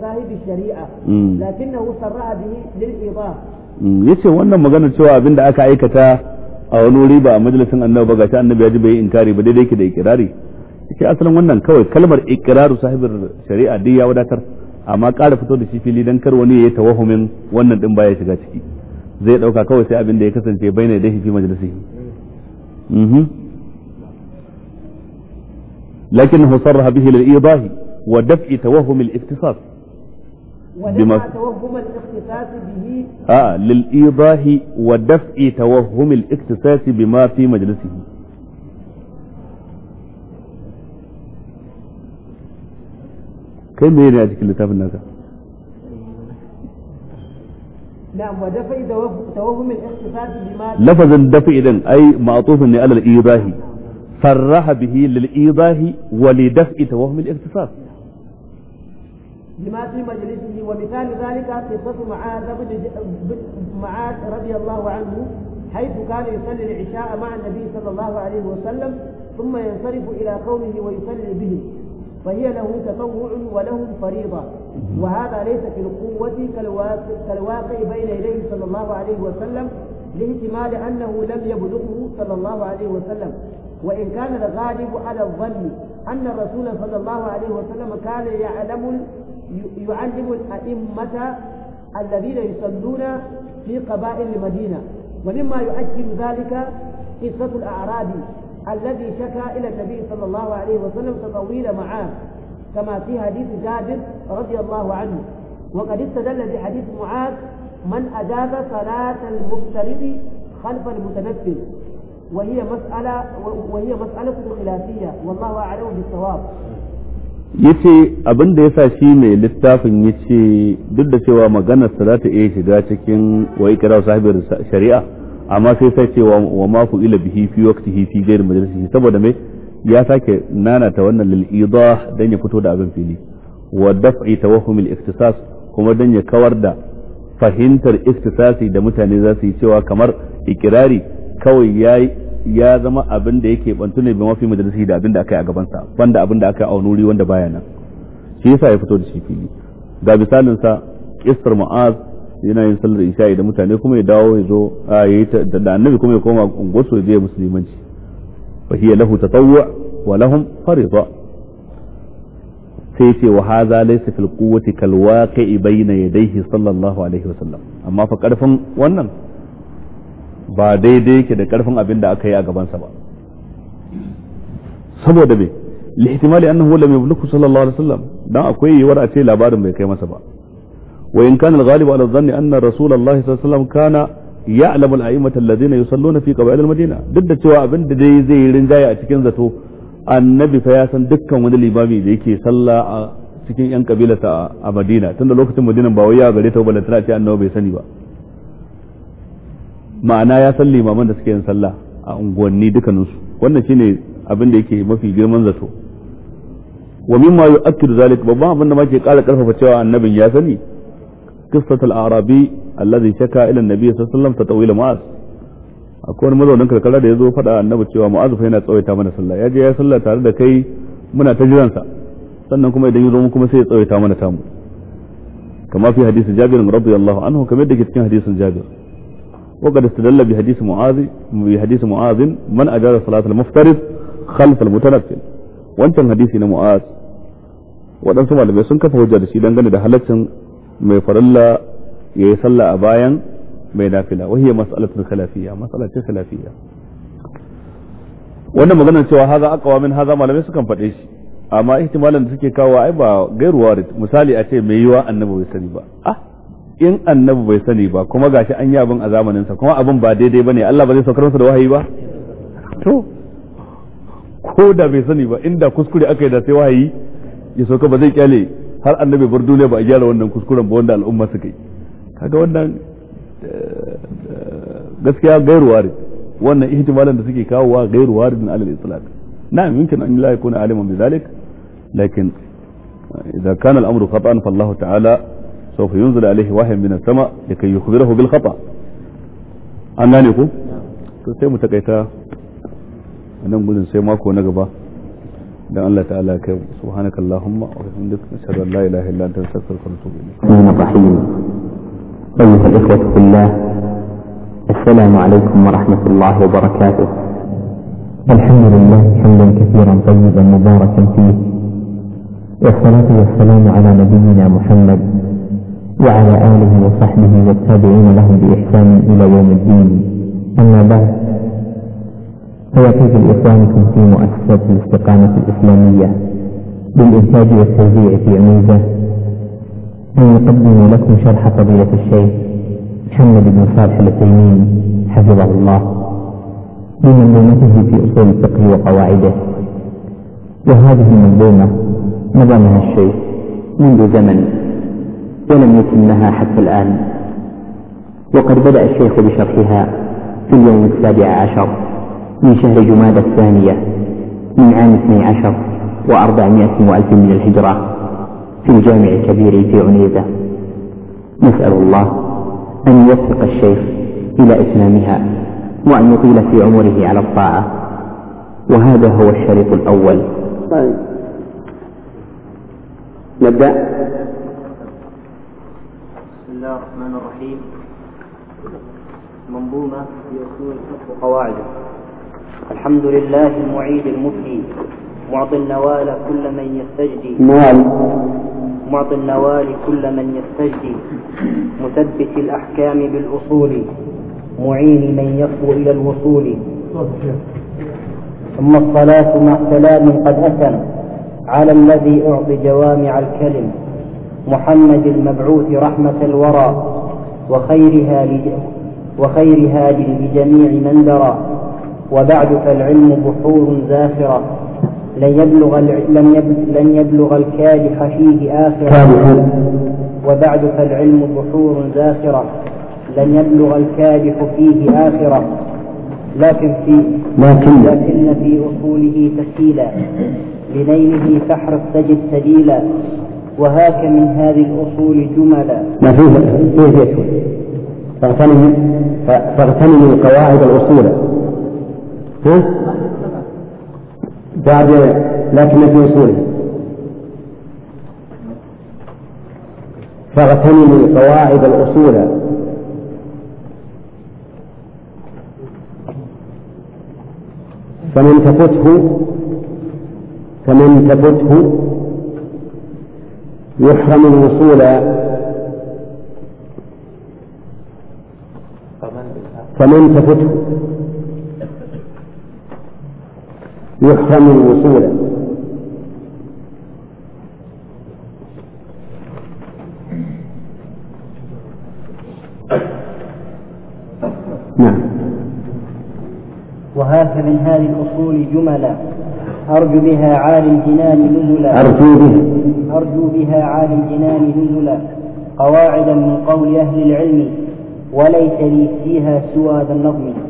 صاحب الشريعة مم. لكنه صرح به للإيضاح yace wannan maganar cewa abin da aka aikata a wani wuri ba a majalisin annabi ba gashi annabi ya ji bai inkari ba daidai ke da ikirari yace asalin wannan kawai kalmar ikraru sahibir shari'a dai ya wadatar amma ƙara fito da shi fili dan kar wani ya tawahumin wannan din baya shiga ciki zai dauka kawai sai abin da ya kasance bai baina da fi majalisi mhm lakinnahu sarraha bihi lil idahi wa daf'i tawahum al ikhtisas بما توهم الاختصاص به اه للايضاح ودفع توهم الاختصاص بما في مجلسه كيف me ne a نعم ودفع توهم الاختصاص بما لفظ الدفع إذن أي معطوف على الإيضاه صرح به للإيضاه ولدفع توهم الاختصاص لما في مجلسه ومثال ذلك قصة معاذ بن معاذ رضي الله عنه حيث كان يصلي العشاء مع النبي صلى الله عليه وسلم ثم ينصرف إلى قومه ويصلي بهم فهي له تطوع وله فريضة وهذا ليس في القوة كالواقع بين يديه صلى الله عليه وسلم لاحتمال أنه لم يبلغه صلى الله عليه وسلم وإن كان الغالب على الظن أن الرسول صلى الله عليه وسلم كان يعلم يعلم الأئمة الذين يصلون في قبائل المدينة ومما يؤكد ذلك قصة الأعرابي الذي شكا إلى النبي صلى الله عليه وسلم تطويل معاه كما في حديث جابر رضي الله عنه وقد استدل بحديث معاذ من أجاب صلاة المفترض خلف المتنفذ وهي مسألة وهي مسألة خلافية والله أعلم بالصواب yace abin da ya sa shi mai littafin ya ce duk da cewa maganar sa za ta iya shiga cikin wa ikira sahibin shari'a amma sai sai ce wa ma fu ila bihi fi waqtihi fi ghayr majlisihi saboda me ya sake ta wannan lil idah dan ya fito da abin fili wa daf'i tawahumil ikhtisas kuma dan ya kawar da fahimtar iktisasi da mutane za su yi cewa kamar ikirari kawai yayi ya zama abin da yake bantu ne bi mafi majalisi da abin da aka yi a gabansa banda abin da aka yi a wani wanda baya nan shi yasa ya fito da shi fili ga misalin sa kissar mu'az yana yin sallar isha'i da mutane kuma ya dawo ya zo a yi da annabi kuma ya koma unguwarsu ya je musulmanci fa hiya lahu tatawwu wa lahum fariḍa sai ce wa hadha laysa fil quwwati kal waqi'i bayna yadayhi sallallahu alaihi wasallam amma fa karfin wannan ba daidai yake da karfin abin da aka yi a gabansa ba saboda me lihtimali annahu lam yablughu sallallahu alaihi wasallam dan akwai yiwuwar a ce labarin bai kai masa ba وإن كان الغالب على الظن أن رسول الله صلى الله عليه وسلم كان يعلم الأئمة الذين يصلون في قبائل المدينة ضد cewa abin da dai zai rinjaya a cikin zato annabi fa ya san dukkan wani limami da yake sallah a cikin yan kabilarsa a Madina tunda lokacin Madinan ba wai ya gare ta balanta tana ce annabi bai sani ba ma'ana ya san limaman da suke yin sallah a unguwanni dukkaninsu wannan shine abin da yake mafi girman zato wa mimma yu'akkidu zalik babban abin da ma ke kara karfafa cewa annabin ya sani قصة الأعرابي الذي شكا إلى النبي صلى الله عليه وسلم تطويل معاذ akwai wani mazaunin karkara da ya zo faɗa annabi cewa mu'azu fa yana tsawaita mana sallah ya je ya tare da kai muna ta jiran sa sannan kuma idan ya zo mu kuma sai ya tsawaita mana tamu kama fi hadisi Jabir radiyallahu anhu kamar da ke cikin hadisin Jabir wa qad istadalla bi hadisi Mu'adh bi hadisi Mu'adh man ajara salat al-muftarid wancan hadisi na Mu'adh waɗansu malamai sun kafa hujja da shi dangane da halaccin mai farilla ya yi sallah a bayan mai nafila wahiyar mas'alatun salafiya mas'ala ce salafiya. wannan maganar cewa haza akawa min haza malamai sukan faɗe shi amma ihtimalin da suke kawo ai ba gairu warid misali a ce mai yiwa annabi bai sani ba ah in annabi bai sani ba kuma gashi an yi abin a zamanin sa kuma abin ba daidai bane Allah ba zai saukar masa da wahayi ba to ko da bai sani ba inda kuskure aka yi da sai wahayi ya sauka ba zai kyale har annabi bar duniya ba a gyara wannan kuskuren ba wanda al'umma suka yi kaga wannan gaskiya gairu warid wannan ihtimalan da suke kawowa gairu warid alal islam na'am yumkin an la yakuna aliman bidhalik lakin idza kana al-amru khata'an fa Allah ta'ala سوف ينزل عليه وحي من السماء لكي يخبره بالخطأ an gane ku to sai mu takaita a nan gudun sai mako na gaba dan Allah ta'ala kai subhanaka allahumma wa bihamdika nashhadu an la ilaha illa anta astaghfiruka wa atubu ilayk rahim ayyuha al-ikhwah fillah السلام عليكم ورحمة الله وبركاته الحمد لله حمدا كثيرا طيبا مباركا فيه والصلاة والسلام على نبينا محمد وعلى آله وصحبه والتابعين لهم بإحسان إلى يوم الدين أما بعد فيفوز إخوانكم في مؤسسة الاستقامة الإسلامية بالإنتاج والتوزيع في عميزة أن يقدم لكم شرح فضيلة الشيخ محمد بن صالح العثيمين حفظه الله بمنظومته في أصول الفقه وقواعده وهذه المنظومة نظمها الشيخ منذ زمن ولم يتمها حتى الآن وقد بدأ الشيخ بشرحها في اليوم السابع عشر من شهر جمادة الثانية من عام 12 وأربعمائة وألف من الهجرة في الجامع الكبير في عنيزة نسأل الله أن يوفق الشيخ إلى إتمامها وأن يطيل في عمره على الطاعة وهذا هو الشريط الأول طيب نبدأ بسم الله الرحمن الرحيم منظومة في أصول الفقه وقواعده الحمد لله المعيد المفني معطي النوال كل من يستجدي نوال معطي النوال كل من يستجدي مثبت الأحكام بالأصول معين من يصبو إلى الوصول ثم الصلاة مع سلام قد أتم على الذي أعطي جوامع الكلم محمد المبعوث رحمة الورى وخيرها وخيرها لجميع من درى وبعد فالعلم بحور زاخرة لن يبلغ لن يبلغ, لن يبلغ الكادح فيه آخرة وبعد فالعلم بحور زاخرة لن يبلغ الكادح فيه آخرة لكن في لكن, لكن في أصوله تسهيلا لنيله فاحرص تجد سبيلا وهاك من هذه الأصول جملا ما فيه فيه فيه فاغتنموا فاغتنموا قواعد الأصول ها؟ بعد لكن في أصوله فاغتنموا قواعد الأصول فمن تفته فمن تفته يحرم الوصول فمن تفته يحتمل الوصول نعم وهات من هذه الأصول جملا أرجو بها عالي الجنان نزلا أرجو بها أرجو بها عالي الجنان نزلا قواعدا من قول أهل العلم وليس لي فيها سوى ذا النظم